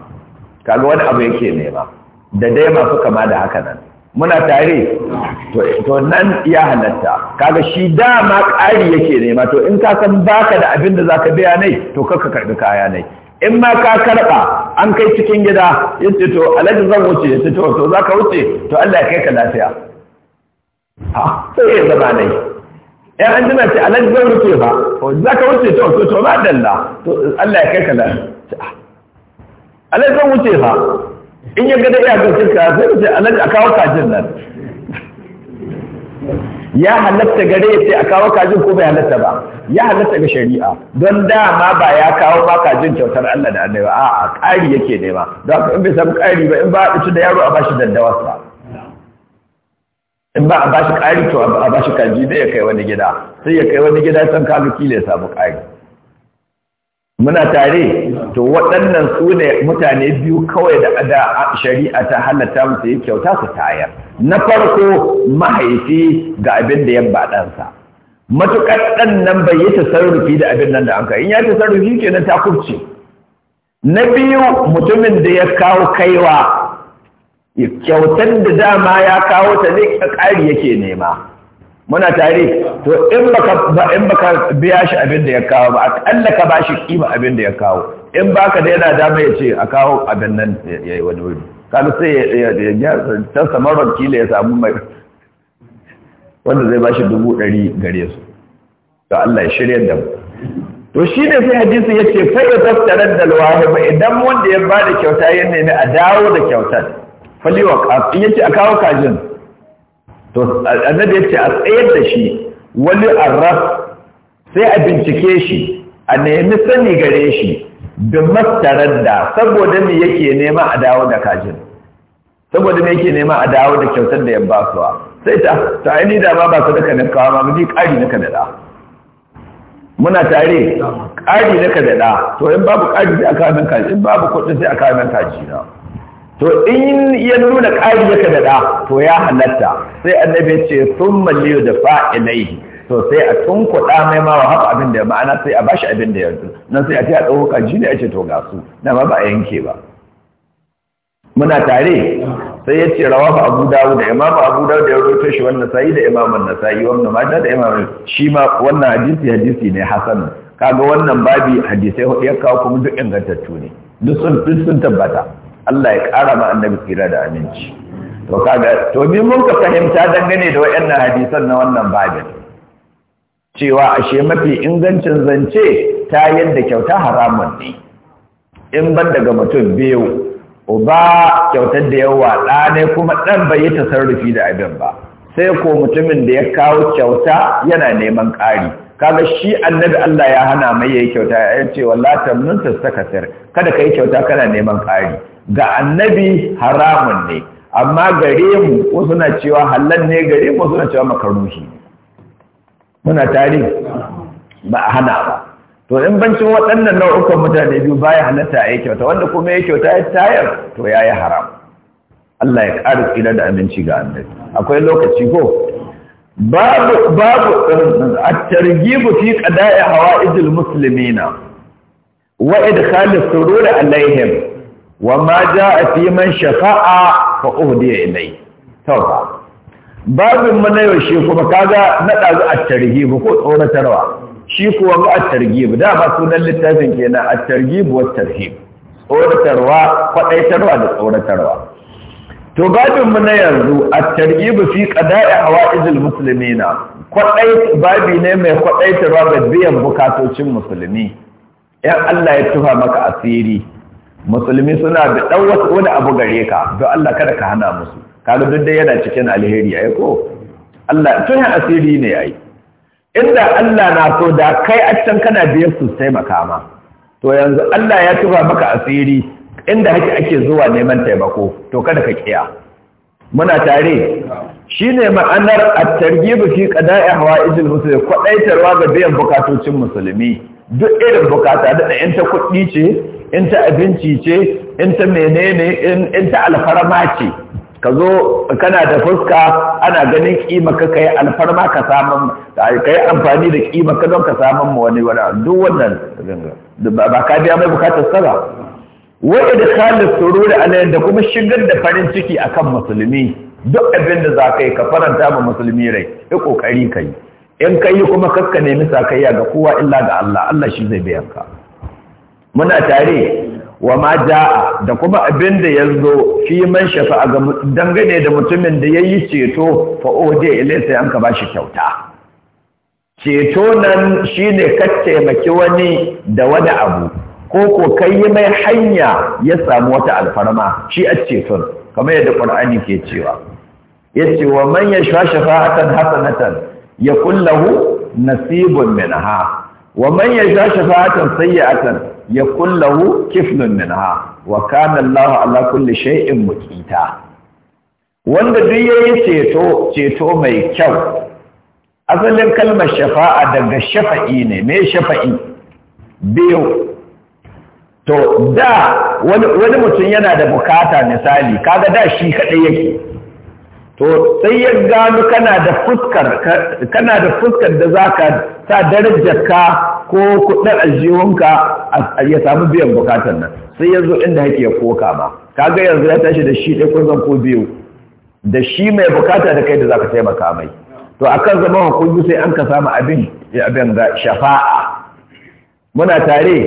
[SPEAKER 1] kaga wani abu yake nema da dai masu kama da haka nan muna tare to nan ya halatta kaga shi dama ƙari yake nema to in ka san baka da abin da zaka biya ne to ka karbi kaya ne in ma ka karba an kai cikin gida yace to alaji zan wuce yace to to zaka wuce to Allah ya kai ka lafiya ha sai ya zama ne eh an jima ce alaji zan wuce ba zaka wuce to to to ba dalla to Allah ya kai ka lafiya alaji zan wuce ba in ya gada iya gasar ka sai ce alaji a kawo kajin nan ya halatta gare ya ce a kawo kajin ko bai halatta ba ya halatta ga shari'a don dama ba ya kawo ma kajin kyautar Allah da a a'a ƙari yake ba don haka in bai samu ƙari ba in ba a da yaro a bashi ba. in ba a bashi ƙari to a bashi kaji zai ya kai wani gida sai ya kai wani gida san kalu kila ya samu ƙari muna tare to waɗannan su ne mutane biyu kawai da ada shari'a ta halatta musu yi kyauta su tayar na farko mahaifi ga abin da a ɗansa. matuƙar ɗan nan bai yi tasarrufi da abin nan da an kai in ya tasarrufi kenan ta kubce na biyu mutumin da ya kawo kaiwa kyautar da dama ya kawo ta ne ƙari yake nema muna tare to in baka in baka biya shi abin da ya kawo ba akalla ka bashi kima abin da ya kawo in baka da yana dama ya ce a kawo abin nan yayi wani wuri kaga sai ya ya ta samarar kila ya samu mai wanda zai bashi dubu ɗari gare su to Allah ya shirya da mu to shi ne sai hadisi ya ce fa ya tattarar da ba idan wanda ya bada kyauta ya nemi a dawo da kyautar faliwa ya ce a kawo kajin to annabi yace a tsayar da shi wani arraf sai a bincike shi a nemi sani gare shi da mastarar da saboda me yake nema a dawo da kajin saboda me yake nema a dawo da kyautar da ya basuwa sai ta ta ni da ba ba su daka na kawa ma miji ƙari naka da da muna tare ƙari naka da da to in babu ƙari sai a kawo nan kaji in babu kudi sai a kawo nan kaji na to in ya nuna ƙari yaka da to ya halatta sai annabi ce sun malliyo da fa'ilai to sai a tun kuɗa mai ma wa haka abin da ya ma'ana sai a shi abin da ya yanzu nan sai a ce a ɗauka ji ne a ce to ga su na ma ba a yanke ba muna tare sai ya ce rawa ba abu dawo da imamu abu dawo da ya roto shi wannan sayi da imamun sayi wannan mata da imamun shi ma wannan hadisi hadisi ne hasan kaga wannan babi hadisai ya kawo kuma duk ingantattu ne duk sun tabbata Allah ya ƙara ma annabi tsira da aminci to kaga to bi mun ka fahimta dangane da waɗannan hadisan na wannan babin cewa ashe mafi ingancin zance ta yadda kyauta haramun ne in ban daga mutum biyu uba kyautar da yawa ɗa ne kuma ɗan bai yi tasarrufi da abin ba sai ko mutumin da ya kawo kyauta yana neman ƙari kaga shi annabi Allah ya hana mai ya yi kyauta ya ce walla tamnun tastakasir kada ka yi kyauta kana neman ƙari ga annabi haramun ne amma gare mu wasu na cewa hallan ne gare mu wasu na cewa makaruhi ne muna tare ba a hana ba to in bancin waɗannan nau'ukan mutane biyu baya halatta a yi kyauta wanda kuma ya kyauta ya tayar to ya yi haram Allah ya ƙara tsira da aminci ga annabi akwai lokaci ko babu babu at-targhibu fi qada'i hawa'idil muslimina wa idkhalis surur alaihim wa ma jaa fi man shafa'a fa uhdiya ilai tawba babin mu na yaushe kuma kaga na dazu a targhib ko tsoratarwa shi kuwa ga at-targhib da ba sunan littafin kenan a targhib wa tarhib tsoratarwa kwadaitarwa da tsoratarwa to babin mu na yanzu a targhib fi qada'i hawaizil muslimina kwadai babi ne mai kwadaitarwa ga biyan bukatocin musulmi ya Allah ya tufa maka asiri musulmi suna da ɗan wasu wani abu gare ka don Allah kada ka hana musu kada duk dai yana cikin alheri ai ko Allah tun asiri ne ai inda Allah na so da kai a can kana biyar su taimaka ma to yanzu Allah ya tuba maka asiri inda hake ake zuwa neman taimako to kada ka kiya muna tare Shi ne ma'anar a targhib fi hawa hawaijil musulmi kwaɗaitarwa ga biyan bukatocin musulmi duk irin bukata da in ta kuɗi ce in ta abinci ce in ta menene in ta alfarma ce ka zo kana da fuska ana ganin kima ka kai alfarma ka samun yi amfani da kima ka don ka samun mu wani wani duk wannan ba ka biya mai bukatar sara ba wai da khalid sururi alayhi da kuma shigar da farin ciki akan musulmi duk abin da za ka yi ka faranta ma musulmi rai ya kokari ka yi in ka yi kuma kakka nemi sakayya ga kowa illa ga Allah Allah shi zai biya ka muna tare wa ma ja'a da kuma abin da ya zo fi man shafa ga dangane da mutumin da yayi ceto fa ode sai an ka bashi kyauta ceto nan shine ka taimaki wani da wani abu ko ko kai yi mai hanya ya samu wata alfarma shi a ceton kamar yadda Qur'ani ke cewa yace wa man yashfa shafa'atan hasanatan ya kullahu nasibun minha wa man yasha shafa'atan sayyi'atan ya kullahu kiflun minha wa kana Allah ala kulli shay'in muqita wanda duk yayi ceto ceto mai kyau asalin kalmar shafa'a daga shafa'i ne me shafa'i biyu to da wani mutum yana da bukata misali kaga da shi kadai yake to sai ya gano kana da fuskar kana da fuskar da zaka darajar ka ko kudin aljihunka ya samu biyan bukatar nan sai ya inda yake ya koka ma kaga yanzu ya tashi da shi dai kun zan ko biyu da shi mai bukata da kai da zaka taimaka mai to akan zaman hukumi sai an ka samu abin abin ga shafa'a muna tare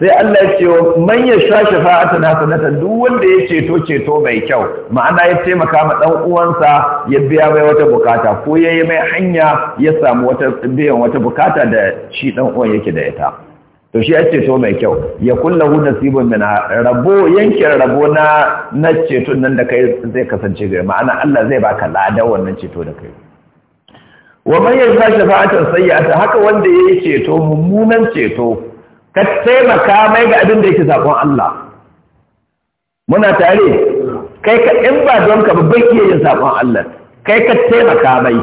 [SPEAKER 1] sai Allah ya ce man ya sha na sanata duk wanda ya ceto ceto mai kyau ma'ana ya taimaka ma dan uwansa ya biya mai wata bukata ko ya yi mai hanya ya samu wata biyan wata bukata da shi dan uwan yake da ita to shi ya ceto mai kyau ya hu nasibun min rabo yanke rabo na na ceto nan da kai zai kasance gare ma'ana Allah zai baka lada wannan ceto da kai wa man ya sha shafa'atan sayyi'ata haka wanda yayi ceto mummunan ceto ka taimaka mai ga abin da yake sakon Allah muna tare kai ka in ba don ka babban iya yin sakon Allah kai ka taimaka mai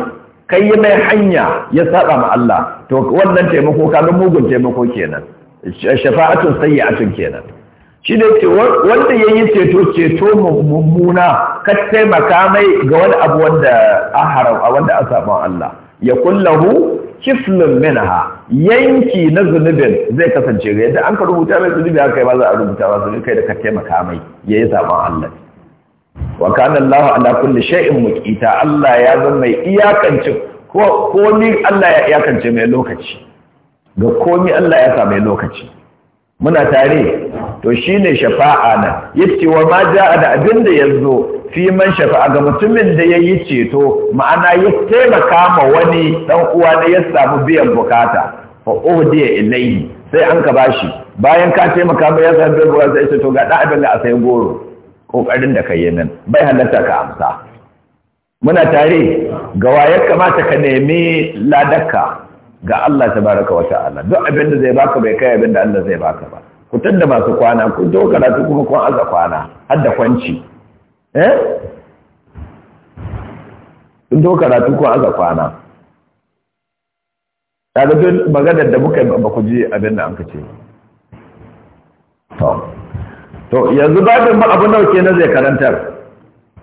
[SPEAKER 1] kai yi mai hanya ya saba ma Allah to wannan taimako ka ga mugun taimako kenan shafa'atun sayyi'atun kenan shi ne ce wanda ya yi ceto ceto mummuna ka taimaka mai ga wani abu wanda a haram a wanda a saban Allah ya kullahu kiflin minha yanki na zunubin zai kasance ga yadda an ka rubuta mai zunubi haka ba za a rubuta ba zunubi kai da ka taimaka mai yi sabon Allah wa kana Allah ala kulli shay'in muqita Allah ya zama mai iyakance ko komi Allah ya iyakance mai lokaci ga komi Allah ya sa mai lokaci muna tare to shi ne shafa'a nan yace wa ma ja'a da abin da yazo fi man shafa'a ga mutumin da yayi ceto ma'ana ya taimaka ma wani dan uwa na ya samu biyan bukata fa uhdiya ilayhi sai an ka bashi bayan ka taimaka ma ya samu biyan bukata sai to ga da abin da a sai goro kokarin da kai nan bai halatta ka amsa muna tare ga ya kamata ka nemi ladaka ga Allah baraka wa ta'ala duk abin da zai baka bai kai abin da Allah zai baka ba ku tanda masu kwana ku to karatu kuma kun aza kwana har da kwanci eh kun to karatu kun aza kwana kaga duk maganar da muka ba ku ji abin da an ka ce to to yanzu babin abu nawa na zai karantar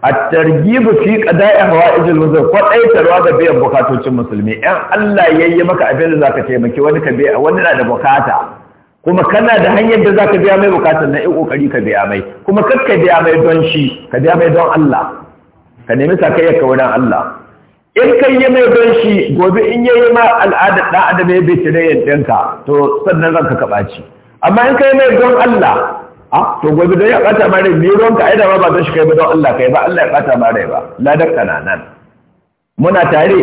[SPEAKER 1] A targhib fi qada'i hawaijil muslim ko daitarwa ga biyan bukatocin musulmi ɗan Allah yayi maka abin da zaka taimaki wani ka biya wani na da bukata kuma kana da hanyar da zaka biya mai bukatar na in kokari ka biya mai kuma kar ka biya mai don shi ka biya mai don Allah ka nemi sakayyar ka wurin Allah in ka yi mai don shi gobe in yayi ma al'ada da adam ya bi yadda ka, to sannan zan ka ci. amma in ka yi mai don Allah a to gobe don ya ɓata mare rai biyu ka ai ba ba don shi kai don Allah kai ba Allah ya ɓata mare ba. ba ladar nan. muna tare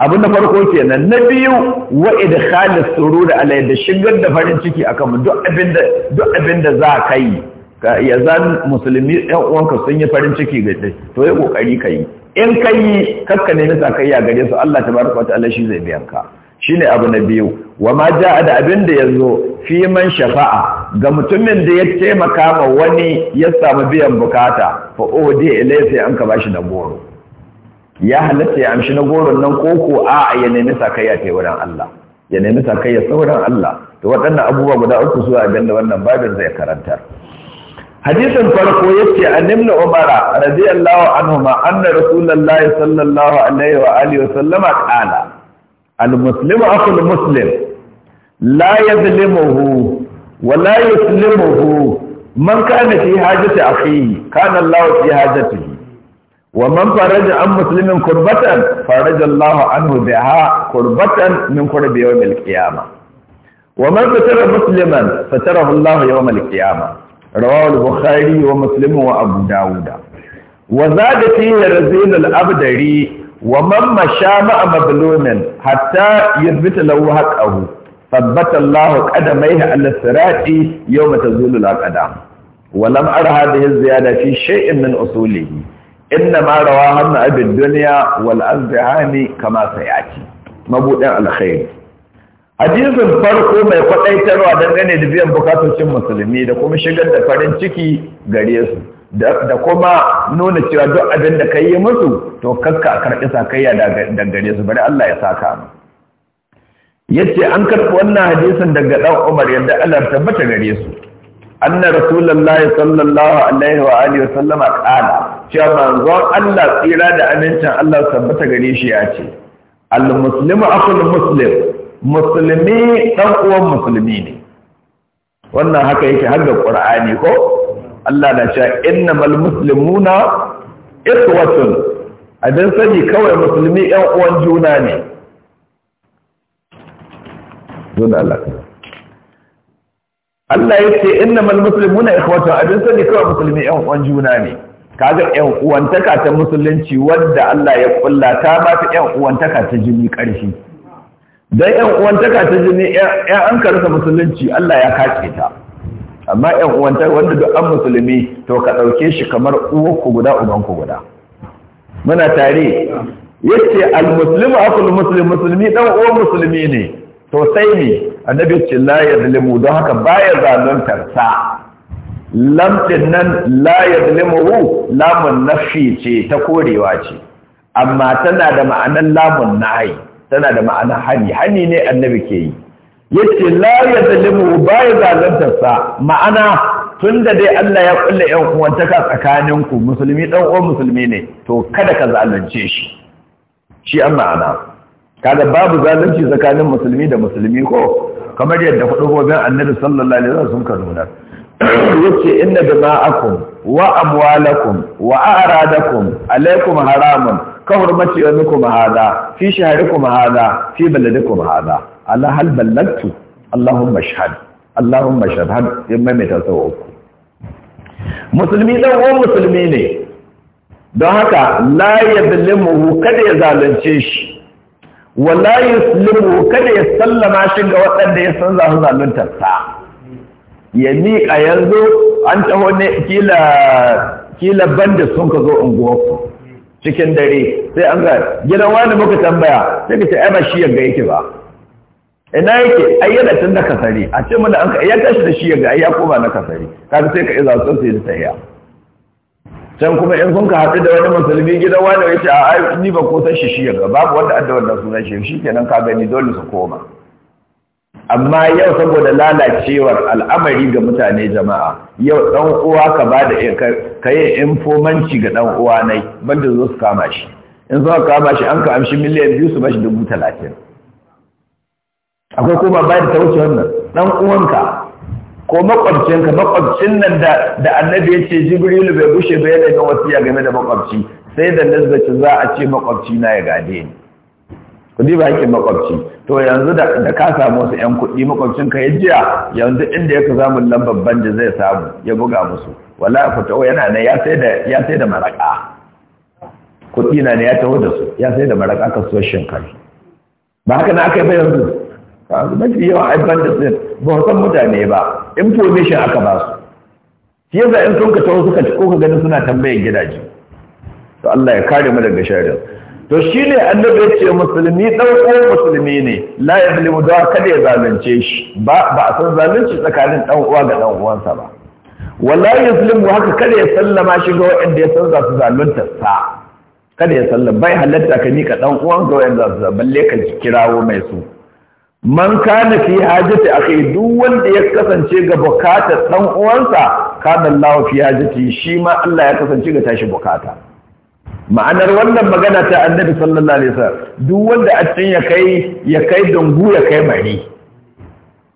[SPEAKER 1] abinda farko kenan na biyu wa idkhalis surur alai da shigar da farin ciki akan duk abinda duk abinda da za ka yi ya zan musulmi ɗan uwanka sun yi farin ciki ga dai to ya kokari ka yi in ka yi kakka ne nisa kai ya gare su Allah tabaraka wa ta'ala shi zai biyanka shine abu na biyu wa ma ja'a da abinda da yazo fi man shafa'a ga mutumin da ya taimaka ma wani ya samu biyan bukata fa ode ilai sai an ka bashi na goro ya halatta ya amshi na goron nan koko a ya nemi sakayya ta wurin Allah ya nemi sakayya wurin Allah to waɗannan abubuwa guda uku su ga da wannan babin zai karantar hadisin farko yace annabi Umar radiyallahu anhu ma anna rasulullahi sallallahu alaihi wa alihi wa sallama qala al muslimu akul muslim la yadhlimuhu ولا يسلمه من كان في حاجة أخيه كان الله في حاجته ومن فرج عن مسلم كربة فرج الله عنه بها كربة من كرب يوم القيامة ومن فتر مسلما فتره الله يوم القيامة رواه البخاري ومسلم وأبو داود وزاد فيه رزيل الأبدري ومن مشى مع مظلوم حتى يثبت له حقه ثبت الله قدميه على الصراط يوم تزول الأقدام ولم أرى هذه الزيادة في شيء من أصوله إنما رواها ابن أبي الدنيا والأزهاني كما سيأتي مبوء Mabuɗin alkhairi. hadisin farko mai kwadaitarwa dangane da biyan bukatocin musulmi da kuma shigar da farin ciki gare su da kuma nuna cewa duk abin da ka yi musu to kakka a karɓi sakayya da gare su bari Allah ya saka mu yace an karɓi wannan hadisin daga dan Umar yadda Allah tabbata gare su anna rasulullahi sallallahu alaihi wa alihi wasallama qala cewa manzon Allah tsira da amincin Allah tabbata gare shi ya ce al muslimu akul muslim musulmi dan uwan musulmi ne wannan haka yake har da qur'ani ko Allah na cewa innamal muslimuna ikhwatun abin sani kawai musulmi ɗan uwan juna ne to da Allah kaza Allah ya ce innamal muslimuna ikhwatu abin sani kawai musulmi ƴan uwan juna ne kaga ƴan uwantaka ta musulunci wanda Allah ya kulla ta ba ta ƴan uwantaka ta jini ƙarfi dan ƴan uwantaka ta jini ƴan an karsa musulunci Allah ya kace ta amma ƴan uwantaka wanda duk an musulmi to ka dauke shi kamar ku guda ku guda muna tare yace al muslimu akul muslim musulmi dan uwan musulmi ne to sai ne annabi ce la yadlimu don haka baya zaluntar sa lamtin nan la yadlimu lamun nafi ce ta korewa ce amma tana da ma'anar lamun nahi tana da ma'anar hani hani ne annabi ke yi yace la yadlimu baya zaluntar sa ma'ana tunda dai Allah ya kulle ƴan tsakanin tsakaninku musulmi dan uwan musulmi ne to kada ka zalunce shi shi an ma'ana kaga babu zalunci tsakanin musulmi da musulmi ko kamar yadda hudubobin annabi sallallahu alaihi wasallam ka nuna yace inna dima'akum wa amwalakum wa a'radakum alaikum haramun ka hurmati yawmikum hada fi shahrikum hada fi baladikum hada Allah hal ballagtu Allahumma shahad Allahumma shahad yamma mai tasawu musulmi dan uwan musulmi ne don haka la yadlimuhu kada ya zalunce shi wala yuslimu kada ya sallama shi ga waɗanda ya san za su zalunta ya miƙa yanzu an taho ne kila kila banda sun ka zo unguwarku cikin dare sai an ga gina wani muka tambaya sai ka ce ai ba shi yadda yake ba ina yake ai yana tun da kasari a ce mana an ka ya tashi da shi yadda ai ya koma na kasari kaga sai ka iza sun sai da tahiya can kuma in sun ka haɗu da wani musulmi gidan wani ya ce a ai ni ba ko san shi shi yaga babu wanda adda wannan sunan shi shi kenan ka gani dole su koma amma yau saboda lalacewar al'amari ga mutane jama'a yau dan uwa ka ba da ka yi informanci ga dan uwa nai banda zo su kama shi in zo kama shi an ka amshi miliyan biyu su bashi dubu talatin akwai kuma da ta wuce wannan dan uwanka ko makwabcinka makwabcin nan da da annabi ya ce jibrilu bai bushe ba yana da wasiya game da makwabci sai da nazzaci za a ce makwabci na ya gade ni kudi ba yake makwabci to yanzu da ka samu wasu yan kuɗi makwabcin ka ya jiya yanzu inda ya ka nan babban da zai samu ya buga musu wallahi ku tawo yana ne ya sai da ya maraka kuɗi na ne ya taho da su ya sai da maraka kasuwar shinkari ba haka na aka yi ba yanzu mafi yawan aibban da sun ba san mutane ba information aka ba su shi yasa in sun ka tawo suka ko ka gani suna tambayan gidaje to Allah ya kare mu daga sharri to shine annabi ya ce musulmi dan uwan musulmi ne la yazlimu da kada ya zalunce shi ba ba a san zalunci tsakanin dan uwa ga dan uwansa ba wala yazlimu haka kada ya sallama shi ga wanda ya san za su zalunta sa kada ya sallama bai halatta ka mika dan uwan ga wanda za su balle ka kirawo mai su man kana fi hajati akhi duk wanda ya kasance ga bukata dan uwansa kana Allah fi hajati shi ma Allah ya kasance ga tashi bukata ma'anar wannan magana ta Annabi sallallahu alaihi wasallam duk wanda a cikin ya kai ya kai dungu ya kai mari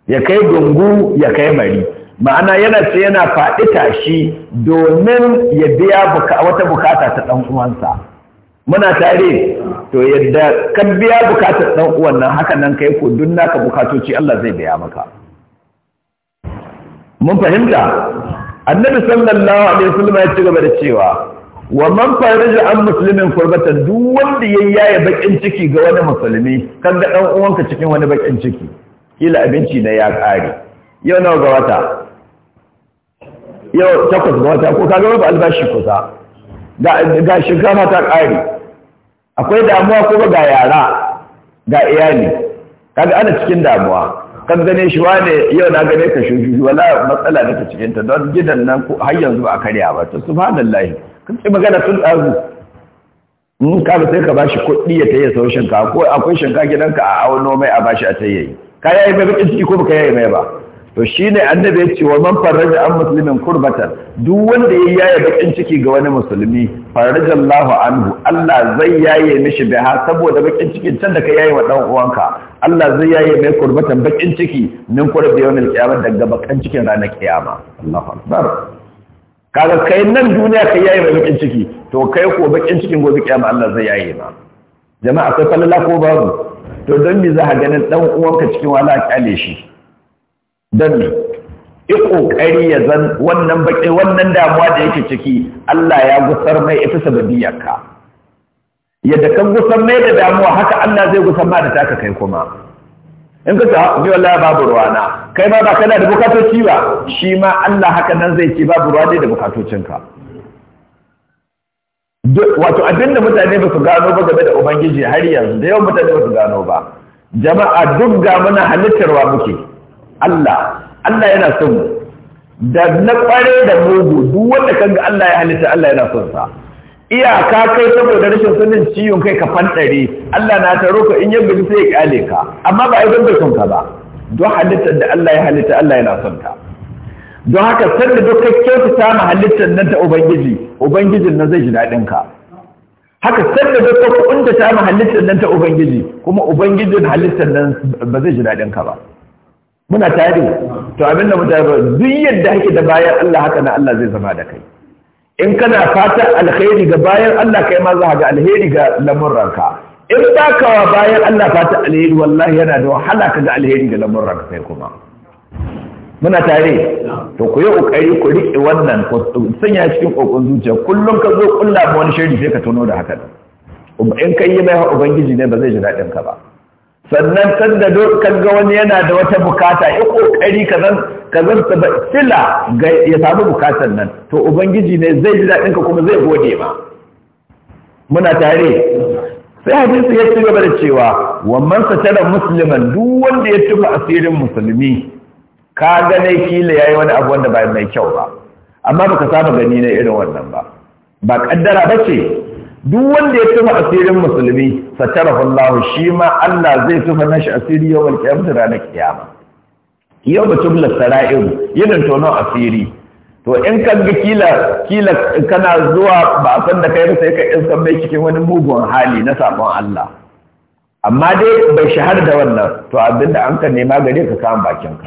[SPEAKER 1] ya kai dungu ya kai mari ma'ana yana ce yana faɗi tashi domin ya biya wata bukata ta dan uwansa muna tare to yadda kan biya bukatar ɗan uwan nan haka nan kai ku duk naka bukatoci Allah zai biya maka mun fahimta annabi sallallahu alaihi wasallam ya ci gaba da cewa wa man faraja an muslimin furbata duk wanda ya yaya bakin ciki ga wani musulmi kan ga ɗan uwanka cikin wani bakin ciki kila abinci na ya ƙare yau nawa ga wata yau takwas ga wata ko ga ba albashi kusa ga shinkafa ta ƙare akwai damuwa kuma ga yara ga iyali kaga ana cikin damuwa kan gane shi wane yau na gane ka shi wala matsala ta cikin ta don gidan nan har yanzu ba a karya ba to subhanallahi kun ce magana tun tsazu. mun ka sai ka bashi kuɗi ya tayi sau shinkafa ko akwai shinka gidanka a auno mai a bashi a tayayi ka yayi mai bakin ciki ko baka yayi mai ba to ne annabi ya ce wa man farraja an musulmin kurbatan duk wanda ya yaya bakin ciki ga wani musulmi farraja Allahu anhu Allah zai yaye mishi biha saboda bakin cikin can da ka yaye wa dan uwanka Allah zai yaye mai kurbatan bakin ciki nan kurbi yawan kiyama daga bakin cikin ranar kiyama Allahu akbar kaga kai nan duniya ka yaye mai bakin ciki to kai ko bakin cikin gobe kiyama Allah zai yaye ma jama'a akwai falala ko babu to don me za ka ganin dan uwanka cikin wala kyale shi don ne yi ƙoƙari ya zan wannan baƙi wannan damuwa da yake ciki Allah ya gusar mai ita ka. yadda kan gusar mai da damuwa haka Allah zai gusar ma da taka kai kuma in ka ta ah, ni wallahi babu ruwana kai ma ba kana da bukatoci ba shi ma Allah haka nan zai ci babu ruwa ne da bukatocinka wato abinda mutane ba su gano ba game da ubangiji har yanzu da yawan mutane ba su gano ba jama'a duk ga muna halittarwa muke Allah Allah yana son mu da na kware da mugu duk wanda kan ga Allah ya halitta Allah yana son sa iyaka kai saboda rashin sanin ciwon kai ka fandare Allah na taro ka in yabbi sai ya kyale ka amma ba yi gaba son ka ba don halittar da Allah ya halitta Allah yana son ka don haka sanda duk kakkin su samu halittar nan ta ubangiji ubangijin nan zai ji dadin ka haka sanda duk kakkin ta samu halittar nan ta ubangiji kuma ubangijin halittar nan ba zai ji dadin ka ba muna tare to abin da mutane duk yadda kake da bayan Allah haka na Allah zai zama da kai in kana fata alheri ga bayan Allah kai ma za ga alheri ga lamurranka in takawa bayan Allah fata alheri wallahi yana da wahala ka ga alheri ga lamurranka sai kuma
[SPEAKER 2] muna tare to ku yi kokari
[SPEAKER 1] ku riƙe wannan ku sanya cikin kokon zuciya kullum ka zo kulla wani shiri sai ka tono da haka in kai yi mai ubangiji ne ba zai ji daɗin ka ba sannan sanda kaga wani yana da wata bukata ya kokari ka zan ka ba fila ya samu bukatar nan to ubangiji ne zai ji daɗinka kuma zai gode ba. muna tare sai hadisi ya ci gaba da cewa wannan satara musliman duk wanda ya tuba asirin musulmi ka ga ne kila yayi wani abu wanda ba mai kyau ba amma baka samu gani na irin wannan ba ba kaddara ce. duk wanda ya tufa asirin musulmi satarahu Allah shi ma Allah zai tufa nashi asiri yawmal qiyamah ranar kiyama yau da tumla sara'iru yinin tono asiri to in kan ga kila kila kana zuwa ba a san da kai ba sai ka iska mai cikin wani mugun hali na sabon Allah amma dai bai shahar da wannan to abinda an ka nema gare ka kama bakin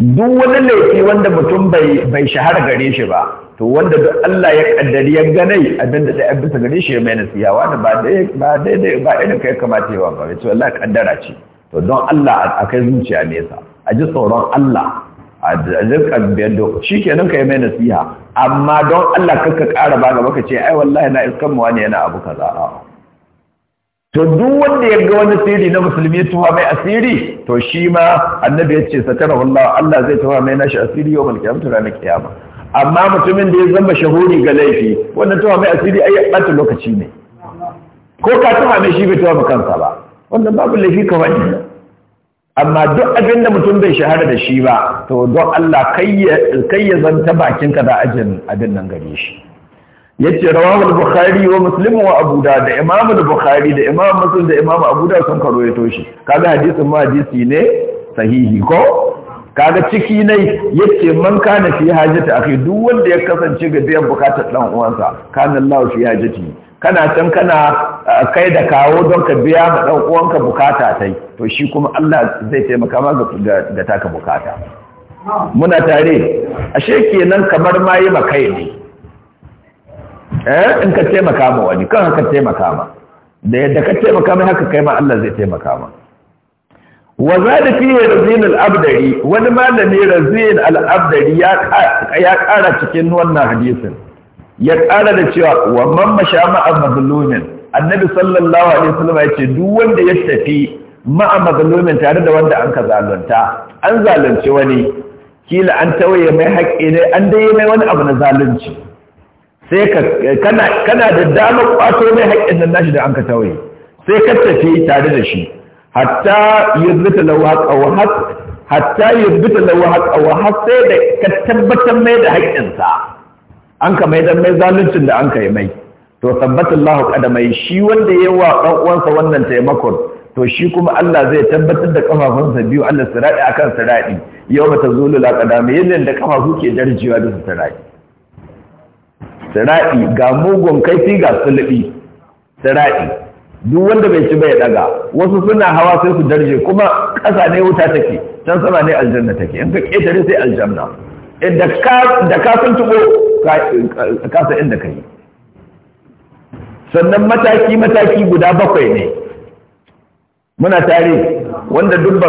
[SPEAKER 1] duk wani laifi wanda mutum bai bai shahar gare shi ba to wanda duk Allah ya kaddari ya ganai abinda da ya bisa gare shi ya mai nasiya wanda ba dai ba dai ba dai kai kamata yawa ba to Allah kaddara ce to don Allah akai zuciya nesa a ji tsoron Allah a ji kabbiyar da shikenan kai mai nasiha amma don Allah kaka ƙara ba gaba ka ce ai wallahi na iskan mu wani yana abu kaza to duk wanda ya ga wani sirri na musulmi ya tuwa mai asiri to shi ma annabi ya ce satara Allah Allah zai tuwa mai nashi asiri yau mulkiyamtu ranar kiyama amma mutumin da ya zama shahuri ga laifi wannan tuwa mai asiri ai ɓata lokaci ne ko ka tuwa mai shi bai tuwa kansa ba wannan babu laifi ka wani amma duk abin da mutum bai shahara da shi ba to don Allah kai ya zanta bakin ka da ajin abin nan gare shi yace rawahul bukhari wa muslim wa abu da da imam bukhari da imam muslim da imam abu da sun karo ya toshi kaga hadisin ma hadisi ne sahihi ko kaga ciki ne yace man kana fi hajati akhi duk wanda ya kasance ga biyan bukatar dan uwansa kana Allah fi hajati kana can kana ah, kai da kawo don ka biya ma dan uwanka bukata tai to shi kuma Allah zai taimaka ma ga taka bukata
[SPEAKER 2] muna tare
[SPEAKER 1] ashe kenan kamar ma yi makai ne eh in ka taimaka ma wani kan ka taimaka ma da yadda ka taimaka mai haka kai ma Allah zai taimaka ma wa zada fi razin al wani malami razin al'abdari ya ƙara cikin wannan hadisin ya ƙara da cewa wa man masha ma'a mazalomin annabi sallallahu alaihi wasallam ya ce duk wanda ya tafi ma'a mazalomin tare da wanda an ka zalunta an zalunci wani kila an tawaye mai haƙƙi ne an dai mai wani abu na zalunci sai ka kana kana da damar kwato mai haƙƙin nan nashi da an ka tawaye sai ka tafi tare da shi hatta yuzbita lahu haqqahu hatta sai da ka tabbatar mai da haƙƙinsa an ka mai mai zaluncin da an kai mai to sabbatallahu qadamai shi wanda ya wa dan uwansa wannan taimakon to shi kuma Allah zai tabbatar da kafafunsa biyu Allah sirati akan raɗi. yau mata zulu la qadami yadda da kafafu ke darjiwa da sirati sirati ga mugun kaifi ga sulubi Siraɗi. duk wanda bai ci bai daga wasu suna hawa sai su darje kuma ƙasa ne wuta take can sama ne aljanna take in ka ƙetare sai aljanna eh, da ka sun tuko kasa inda ka yi sannan mataki-mataki guda bakwai ne muna tare wanda dubba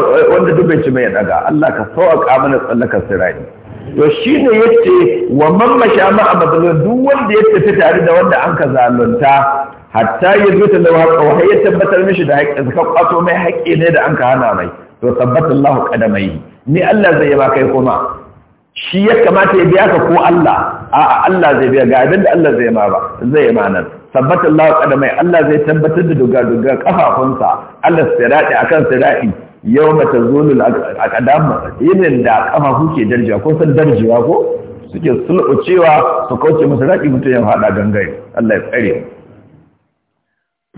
[SPEAKER 1] dubbe ci mai daga Allah ka sauƙa mana tsallakar sirari to shi ya ce wa man masha ma matsalar duk wanda ya tafi tare da wanda an ka zalunta hatta yazbuta lahu haqqo wa ya tabbatar mishi da haƙƙi zaka kwato mai haƙƙi ne da an ka hana mai to tabbata Allah qadamai ni Allah zai yaba kai kuma shi ya kamata ya biya ka ko Allah a'a Allah zai biya ga abin da Allah zai yaba ba zai yaba nan Tabbatar Allah kadamai Allah zai tabbatar da duga-duga kafafunsa Allah sirati akan sirati yau mata zulul aqdam irin da kafafu ke darjiwa ko san darjiwa ko suke cewa su kauce masa raki mutum ya fada gangare Allah ya tsare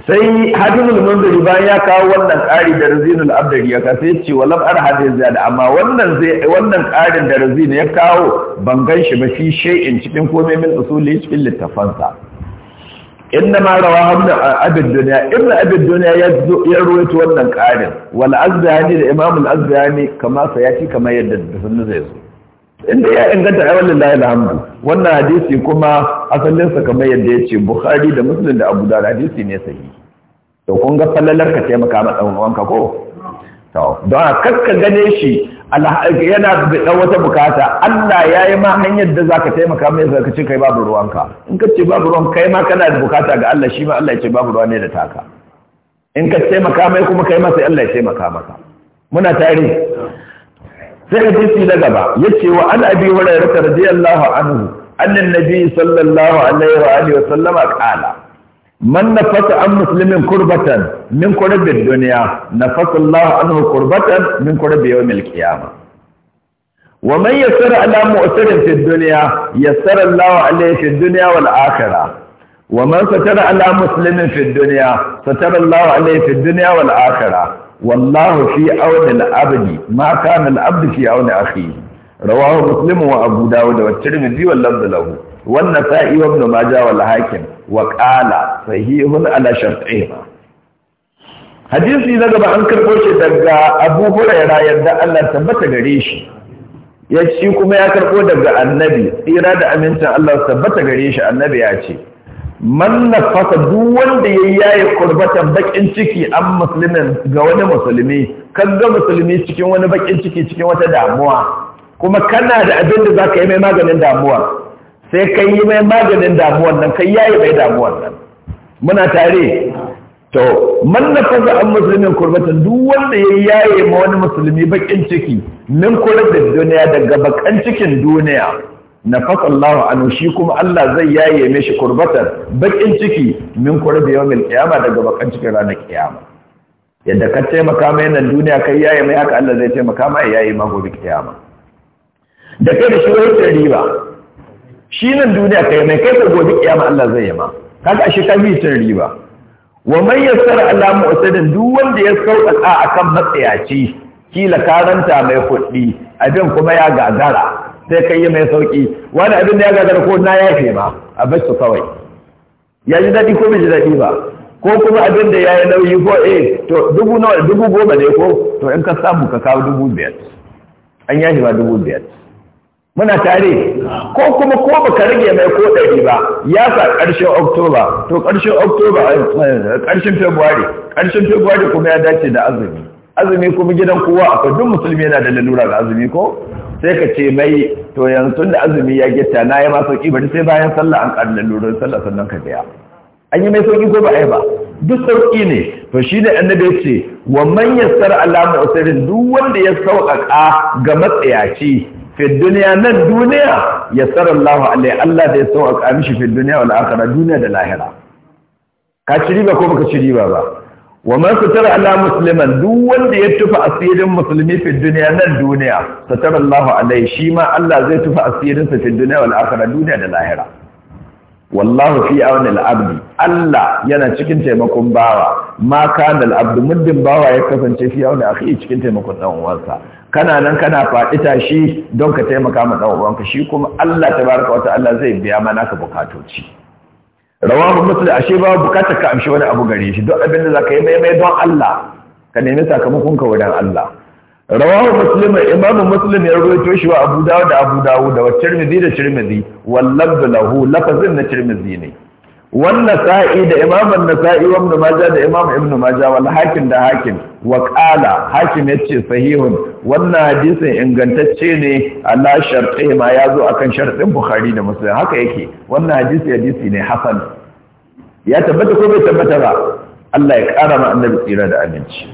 [SPEAKER 1] sai hadithul munziri bayan ya kawo wannan ƙari da razinul abdari ya sai ce wala ar hadith da amma wannan zai wannan ƙarin da razin ya kawo ban gan shi ba fi shay'in cikin komai min usuli cikin littafansa inna ma rawa ibn abid dunya ibn abid ya ruwaito wannan karin wal azhani da imam al azhani kama sa yaki kama yadda sunna zai zo inda ya inganta ai wallahi alhamdu wannan hadisi kuma asalin sa kamar yadda yace bukhari da muslim da abu dawud hadisi ne sahihi to kun ga fallalar ka taimaka ma dan uwanka ko to don kakka gane shi yana da wata bukata Allah ya yi ma hanyar da za ka taimaka mai zaka ce kai babu ruwanka in ka ce babu ruwan kai ma kana da bukata ga Allah shi ma Allah ya ce babu ruwa ne da taka in ka taimaka mai kuma kai ma sai Allah ya taimaka maka muna tare sai hadisi na gaba yace wa an abi hurairah radiyallahu anhu annan nabi sallallahu alaihi wa alihi wa sallama qala من نفس عن مسلم قربة من قرب الدنيا نفس الله عنه قربة من قرب يوم القيامة ومن يسر على مؤسر في الدنيا يسر الله عليه في الدنيا والآخرة ومن ستر على مسلم في الدنيا ستر الله عليه في الدنيا والآخرة والله في عون العبد ما كان العبد في عون أخيه رواه مسلم وأبو داود والترمذي واللفظ له wannan sa'i ibn majah wal hakim wa qala sahihun ala shartihima hadisi na gaba an karɓo shi daga abu huraira yadda Allah tabbata gare shi ya ci kuma ya karɓo daga annabi tsira da amincin Allah tabbata gare shi annabi ya ce man nafasa duk wanda ya yaye kurbatan bakin ciki an musulmin ga wani musulmi kan ga musulmi cikin wani bakin ciki cikin wata damuwa kuma kana da abin da zaka yi mai maganin damuwa sai ka yi mai maganin damuwan nan kai yayi mai damuwan nan muna tare to man na fasa an musulmin kurbatan duk wanda ya yaye ma wani musulmi bakin ciki min kurar da duniya daga bakan cikin duniya na fasa Allah anu shi kuma Allah zai yaye mishi kurbatan bakin ciki min kurar da yawon kiyama daga bakan cikin ranar kiyama yadda ka taimaka mai nan duniya kai yaye mai haka Allah zai taimaka mai yaye ma gobe kiyama da kai da shi wani riba shi nan duniya kai mai kai kai gobe kiyama Allah zai yama kaga ashe ka bi tun riba wa man yassara mu usadin duk wanda ya sauƙaƙa akan matsayaci kila karanta mai kuɗi abin kuma ya gagara sai kai yi mai sauki wani abin da ya gagara ko na yafe ma a bacci kawai ya ji daɗi ko bai ji daɗi ba ko kuma abin da ya yi nauyi ko eh to dubu nawa dubu goma ne ko to in ka samu ka kawo dubu biyar an yashi ma dubu biyar muna tare ko kuma ko baka rage mai ko ɗari ba ya sa ƙarshen oktoba to ƙarshen oktoba eh, eh, ƙarshen februari ƙarshen februari kuma ya dace da azumi azumi kuma gidan kowa akwai duk musulmi yana da lalura ga azumi ko sai ka ce mai to yanzu tun da azumi ya gita na yi ma sauki bari sai bayan sallah an ƙarin lalurar sallah sannan ka biya an yi mai sauki ko ba a ba duk sauki ne to shi ne annabi ce wa man yassara alamu mu'sirin duk wanda ya sauƙaƙa ga matsayaci fi duniya nan duniya ya tsara Allah alai Allah da ya sauƙaƙa mishi fi duniya wal duniya da lahira ka ci riba ko baka ci riba ba wa man satara ala musulman duk wanda ya tufa asirin musulmi fi duniya nan duniya satara Allah alai shi ma Allah zai tufa asirin sa fi duniya wal duniya da lahira wallahu fi awni al Allah yana cikin taimakon bawa ma kana al muddin bawa ya kasance fi awni akhi cikin taimakon dan uwansa kana nan kana faɗi tashi don ka taimaka ma ɗan uwanka shi kuma Allah Ta baraka wata Allah zai biya mana ka bukatoci rawahu muslim ashe ba bukatar ka amshi wani abu gare shi don abin da ka yi maimai don Allah ka nemi sakamakon ka wajen Allah musulun mai imamu muslim ya rawaito shi wa abu dawud da abu dawud da cirmizi da tirmidhi wal da lahu lafazin na cirmizi ne wannan sa'i da imaman na sa'i wa ibn da imam ibn majah wal hakin da hakin waƙala, hakin ya ce sahihun wannan hadisin ingantacce ne ala shartai ma ya zo a kan shartin bukhari da muslim haka yake wannan hadisi hadisi ne hasan ya tabbata ko bai tabbata ba Allah ya ƙara ma annabi tsira da aminci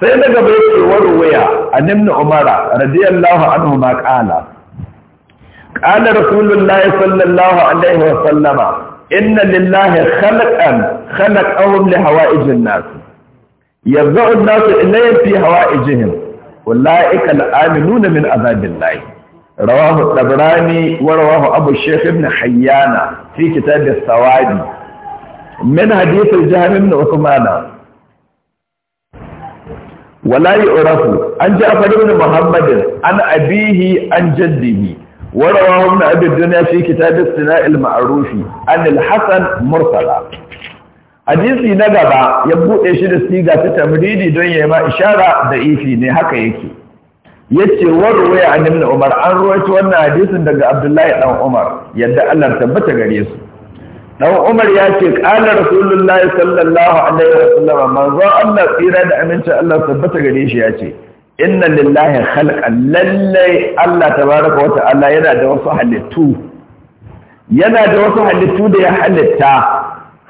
[SPEAKER 1] sai daga bai ce waya a ibn umara radiyallahu anhu ma ƙala. qala rasulullahi sallallahu alaihi wa sallama إن لله خلق أم خلق أوم لحوائج الناس يرضع الناس إليه في حوائجهم أولئك الآمنون من عذاب الله رواه الطبراني ورواه أبو الشيخ ابن حيانا في كتاب السواد من حديث الجهن من عثمانا ولا يعرف أن جعفر بن محمد أن أبيه أن جده ورواه ابن أبي الدنيا ta كتاب الثناء Ma'arufi, عن Hassan مرسلا hadisi na gaba ya buɗe shi da siga ta tamridi don ya yi ma ishara da ifi ne haka yake yace warwaya an ibn Umar an ruwaito wannan hadisin daga Abdullahi dan Umar yadda Allah tabbata gare su dan Umar ya ce qala Rasulullahi sallallahu alaihi wasallam manzo Allah tsira da aminci Allah tabbata gare shi ya ce inna lillahi khalqan lallai Allah tabaraka wa ta'ala yana da wasu halittu yana da wasu halittu da ya halitta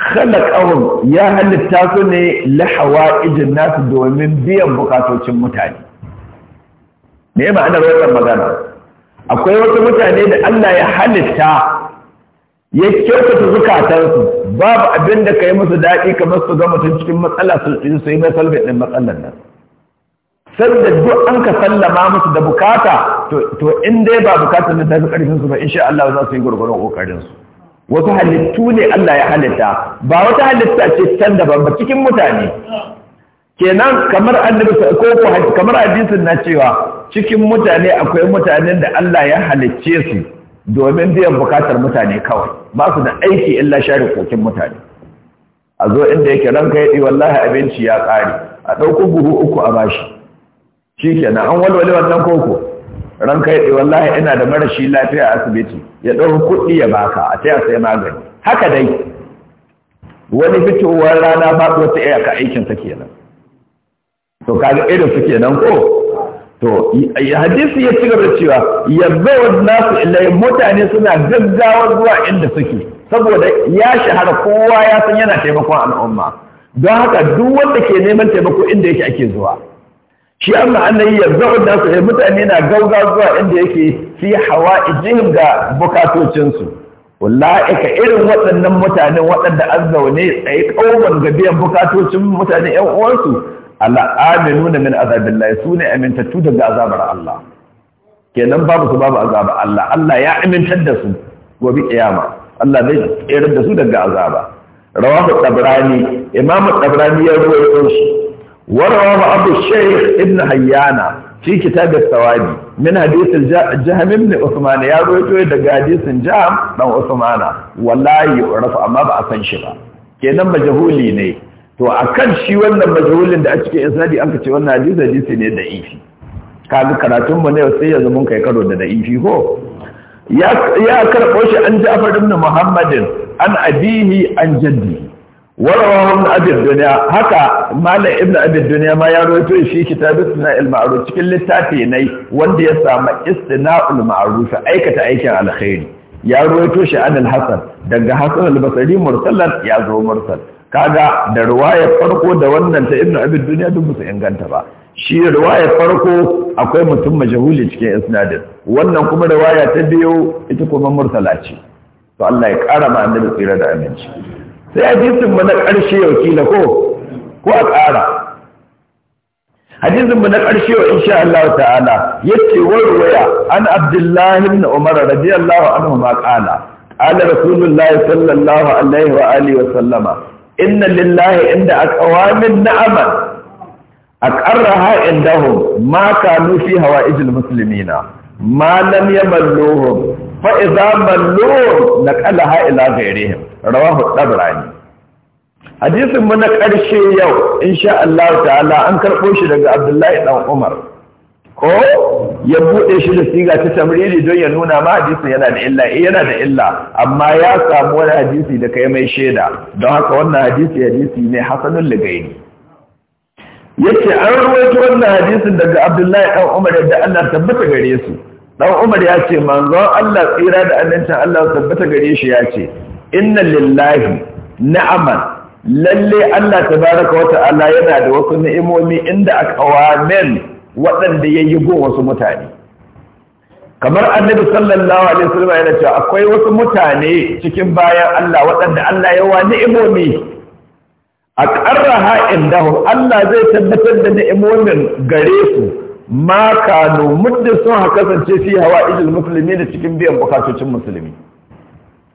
[SPEAKER 1] khalaqahum ya halitta su ne li hawaijin nasu domin biyan bukatocin mutane me ma'anar wannan magana akwai wasu mutane da Allah ya halitta ya kyautata zukatansu babu abin da ka yi musu daɗi kamar su ga cikin matsala su yi mai salbe ɗin matsalar nan sanda duk an ka sallama musu da bukata to in dai ba bukatar ne ta fi karfin su ba insha Allah za su yi gurgurun kokarin wasu halittu ne Allah ya halitta ba wata halitta ce can daban ba cikin mutane kenan kamar annabi ko kamar hadisin na cewa cikin mutane akwai mutanen da Allah ya halicce su domin biyan bukatar mutane kawai ba su da aiki illa share kokin mutane a zo inda yake ranka yaɗi wallahi abinci ya kare a ɗauko buhu uku a bashi shi kenan an walwale wannan koko ran kai wallahi ina da marashi lafiya a asibiti ya ɗau kuɗi ya baka a taya sai magani haka dai wani fitowar rana ba faɗi ka aikin ta kenan to kaga irin su kenan ko to hadisi ya ci gaba cewa yabbawa nasu ilai mutane suna gaggawa zuwa inda suke saboda ya shahara kowa ya san yana taimakon al'umma don haka duk wanda ke neman taimako inda yake ake zuwa shi Allah annabi yanzu da su eh, mutane na gauga zuwa inda yake fi hawa ijihin ga bukatocinsu wala'ika irin waɗannan mutane waɗanda an zaune tsaye kauman ga biyan bukatocin mutane ƴan uwansu Amin nuna min su ne amintattu daga azabar Allah kenan babu su babu azaba Allah Allah ya amintar da su gobe kiyama Allah zai tsere da su daga azaba rawahu tabrani imamu tabrani ya ya shi وروى أبو الشيخ ابن هيانا في كتاب الثوابي من حديث الجهم ابن عثمان يا رويتوي دغ حديث جهم دان عثمان والله يعرف أما بأسان شبا kenan majahuli ne to akan shi wannan majahulin da a cikin isnadi an ce wannan hadisi hadisi ne da ifi kaga karatun mu ne sai yanzu mun kai karo da da ifi ko ya ya karbo shi an Ja'far ibn Muhammadin an abihi an jaddi warawa ibn abin duniya haka malam ibn abin duniya ma ya rawaito shi kitabus na al cikin littafi na wanda ya samu istina'ul ma'ruf aikata aikin alkhairi ya rawaito shi an al-hasan daga hasan albasari basri mursalan ya zo mursal kaga da riwayar farko da wannan ta ibn abin duniya duk musu inganta ba shi riwayar farko akwai mutum majhuli cikin isnadin wannan kuma riwaya ta biyu ita kuma mursala ce to Allah ya kara ma annabi tsira da aminci sai hadisin mu na ƙarshe yau kila ko ko a ƙara hadisin mu na ƙarshe yau insha Allah ta'ala yace warwaya an Abdullahi ibn Umar radiyallahu anhu ma qala qala Rasulullahi sallallahu alaihi wa alihi wa sallama inna lillahi inda aqwamin na'aman aqarraha indahum ma kanu fi hawa'ijil muslimina ma lam yamalluhum fa idza mallu naqalaha ila ghayrihim rawahu tabrani hadisin mu na karshe yau insha Allah ta'ala an karɓo shi daga Abdullahi dan Umar ko ya bude shi da siga ta tamriri don ya nuna ma hadisin yana da illa eh, yana da illa amma ya samu wani hadisi da kai mai sheda don haka wannan hadisi hadisi ne hasanul ligaini yace an ruwaito wannan hadisin daga Abdullahi dan Umar da Allah tabbata gare su Ɗan umar ya ce manzon Allah tsira da annanta Allah tabbata gare shi ya ce inna lillahi na'aman lalle Allah tabaraka wa ta'ala yana da wasu ni'imomi inda akawamin waɗanda yayi go wasu mutane kamar annabi sallallahu alaihi wasallam yana cewa akwai wasu mutane cikin bayan Allah waɗanda Allah ya wa ni'imomi a qarraha indahu Allah zai tabbatar da ni'imomin gare su ma kanu muddin sun ha kasance fi hawa ijil musulmi da cikin biyan bukatocin musulmi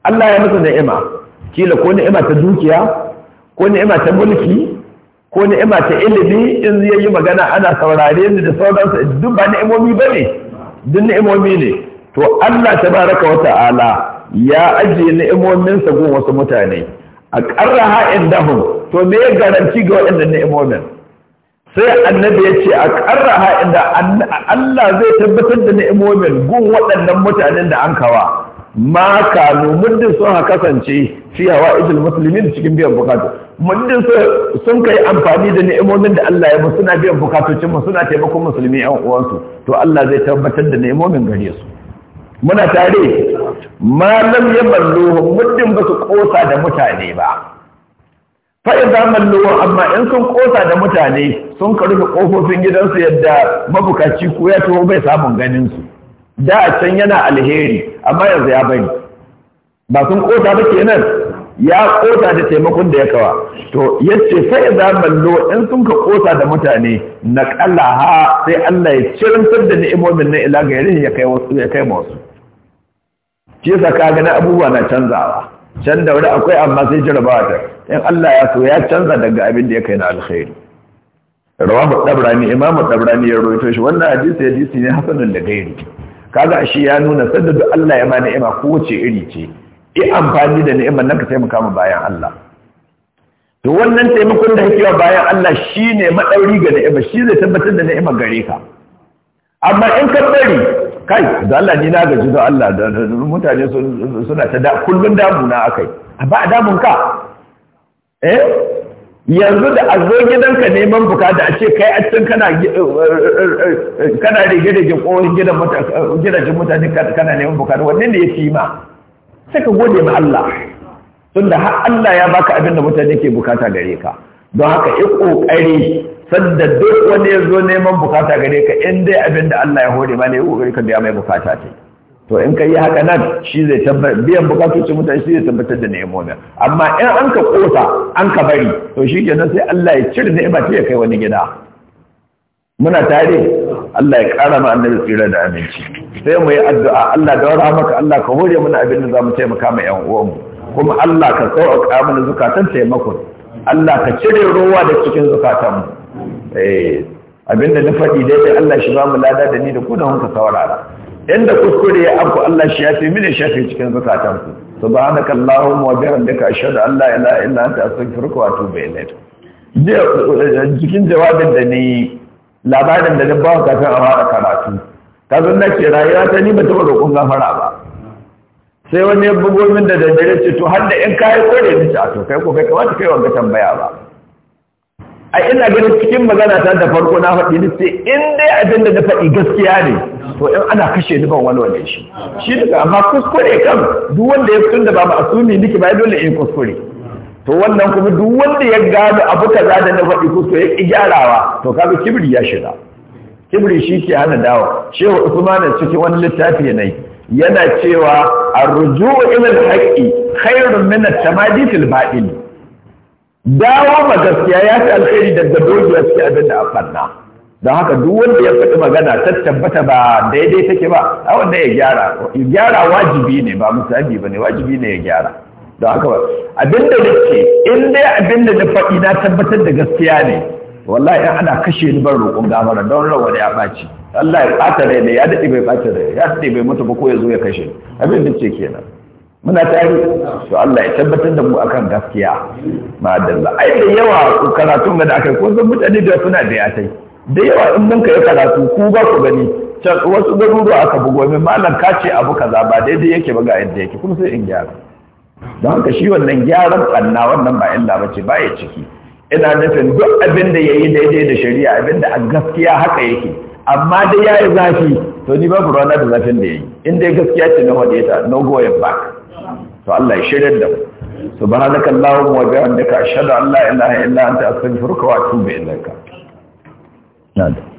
[SPEAKER 1] Allah ya musu ni'ima kila ko ni'ima ta dukiya ko ni'ima ta mulki ko ni'ima ta ilimi in zai yi magana ana saurare ni da sauransa duk ba ni'imomi ba ne duk ni'imomi ne to Allah tabaraka wa ta'ala ya ajiye ni'imominsa gun wasu mutane a ƙarra ha'in dahun to me garanti ga waɗannan ni'imomin sai annabi ya ce a ƙarraha inda Allah zai tabbatar da ni'imomin gun waɗannan mutanen da an kawa ma kanu muddin sun ha kasance fi hawa ijil musulmin cikin biyan bukatu muddin sun kai amfani da ni'imomin da Allah ya ba suna biyan bukatocin mu suna taimakon musulmi yan uwansu to Allah zai tabbatar da ni'imomin gare su muna tare malam ya ballo muddin ba su kosa da mutane ba fa'in zaman amma in sun kosa da mutane sun ka rufe ƙofofin gidansu yadda mabukaci ko ya tuwo bai samun ganinsu da can yana alheri amma yanzu ya bari ba sun kosa ba kenan ya kosa da taimakon da ya kawa to yace fa'in zaman lowar in sun ka kosa da mutane na ha sai Allah ya cirantar da ni'imomin na ila gairin ya kai wasu ya kai ma wasu abubuwa na canzawa can da wuri akwai amma sai jarabawa ta in Allah ya so ya canza daga abin da ya kai na alkhairi rawahu dabrani imamu dabrani ya rawaito shi wannan hadisi hadisi ne hasanun da gairi kaga shi ya nuna sadda Allah ya ma ni'ima kowace iri ce yi amfani da ni'imar nan ka taimaka mu bayan Allah to wannan taimakon da kake bayan Allah shine madauri ga ni'ima shi zai tabbatar da ni'imar gare ka amma in ka bari kai da Allah ni na gaji da Allah da mutane suna ta da kullun damuna akai ba damun ka eh yanzu da azo zo gidanka neman bukata a ce kai a can kana eh, eh, eh, kana rige gidan gidan mutane gidajen mutane kana neman bukata wanne ne ya fi ma sai ka gode ma Allah tunda har Allah ya baka abin da mutane ke bukata gare ka don haka yi kokari sanda duk wani ya zo neman bukata gare ka in dai abin da Allah ya hore ma ne ya ka biya mai bukata ce to in ka yi haka nan shi zai tabbatar biyan bukatocin mutane shi zai tabbatar da ne. amma in an ka kosa an ka bari to shi kenan sai Allah ya cire ne ta ya kai wani gida muna tare Allah ya ƙara ma annabi tsira da aminci sai mu yi addu'a Allah da wara maka Allah ka hore mana abin da za mu taimaka ma ƴan uwanmu kuma Allah ka sauƙa mana zukatan taimakon Allah ka cire ruwa da cikin zukatanmu Eh, abinda na faɗi dai-dai Allah shi ba mu lada da ni da ku da hunka saurara inda kuskure ya abu Allah shi ya fi mini shafi cikin zakatan ku subhanaka allahumma wa bihamdika ashhadu an la ilaha illa anta astaghfiruka wa atubu ilayk eh, cikin jawabin da ni labarin da na ba kafin a fara karatu ka zan na ce rayuwa ta ni ba taɓa roƙon gafara ba sai wani ya bugo min da daddare ce to har da in kayi kore ni ce a to kai ko kai kamata kai wanga tambaya ba a ina ganin cikin magana ta da farko na faɗi ni sai in dai abin da na faɗi gaskiya ne to in ana kashe ni ban walwale shi shi daga amma kuskure kan duk wanda ya tunda ba asumi niki ba dole in kuskure to wannan kuma duk wanda ya gano abu ka kaza da na faɗi kuskure ya ki gyarawa to kaga kibri ya shiga kibri shi ke hana dawo shehu usman cikin wani littafi ne yana cewa arruju ila al-haqqi khairun min at-tamadi fil ba'ili dawo ma gaskiya ya fi alheri daga dogiya cikin abin da an don haka duk wanda ya faɗi magana ta tabbata ba daidai take ba a wanda ya gyara gyara wajibi ne ba musabi ba ne wajibi ne ya gyara don haka abin da nake in dai abin da na faɗi na tabbatar da gaskiya ne wallahi in ana kashe ni ban roƙon gamara don rawa ya ɓaci Allah ya ɓata rai ne ya daɗe bai ɓata rai ya daɗe bai mutu ba ko ya zo ya kashe abin da ce kenan muna tare to Allah ya tabbatar da mu akan gaskiya Allah ai da yawa karatun da akai, ko san mutane da suna da yatai da yawa in mun kai karatu ku ba ku gani wasu garuruwa aka bugo min malam ka ce abu kaza ba daidai yake ba ga yadda yake kuma sai in gyara don haka shi wannan gyaran kanna wannan ba illa bace ba ya ciki ina nufin duk abin da yayi daidai da shari'a abin da a gaskiya haka yake amma dai yayi zafi to ni babu rana da zafin da yayi in dai gaskiya ce na wadeta no go back to Allah ya shirya da mu subhanaka allahumma wa bihamdika allah an la ilaha illa anta astaghfiruka wa atubu ilaika nada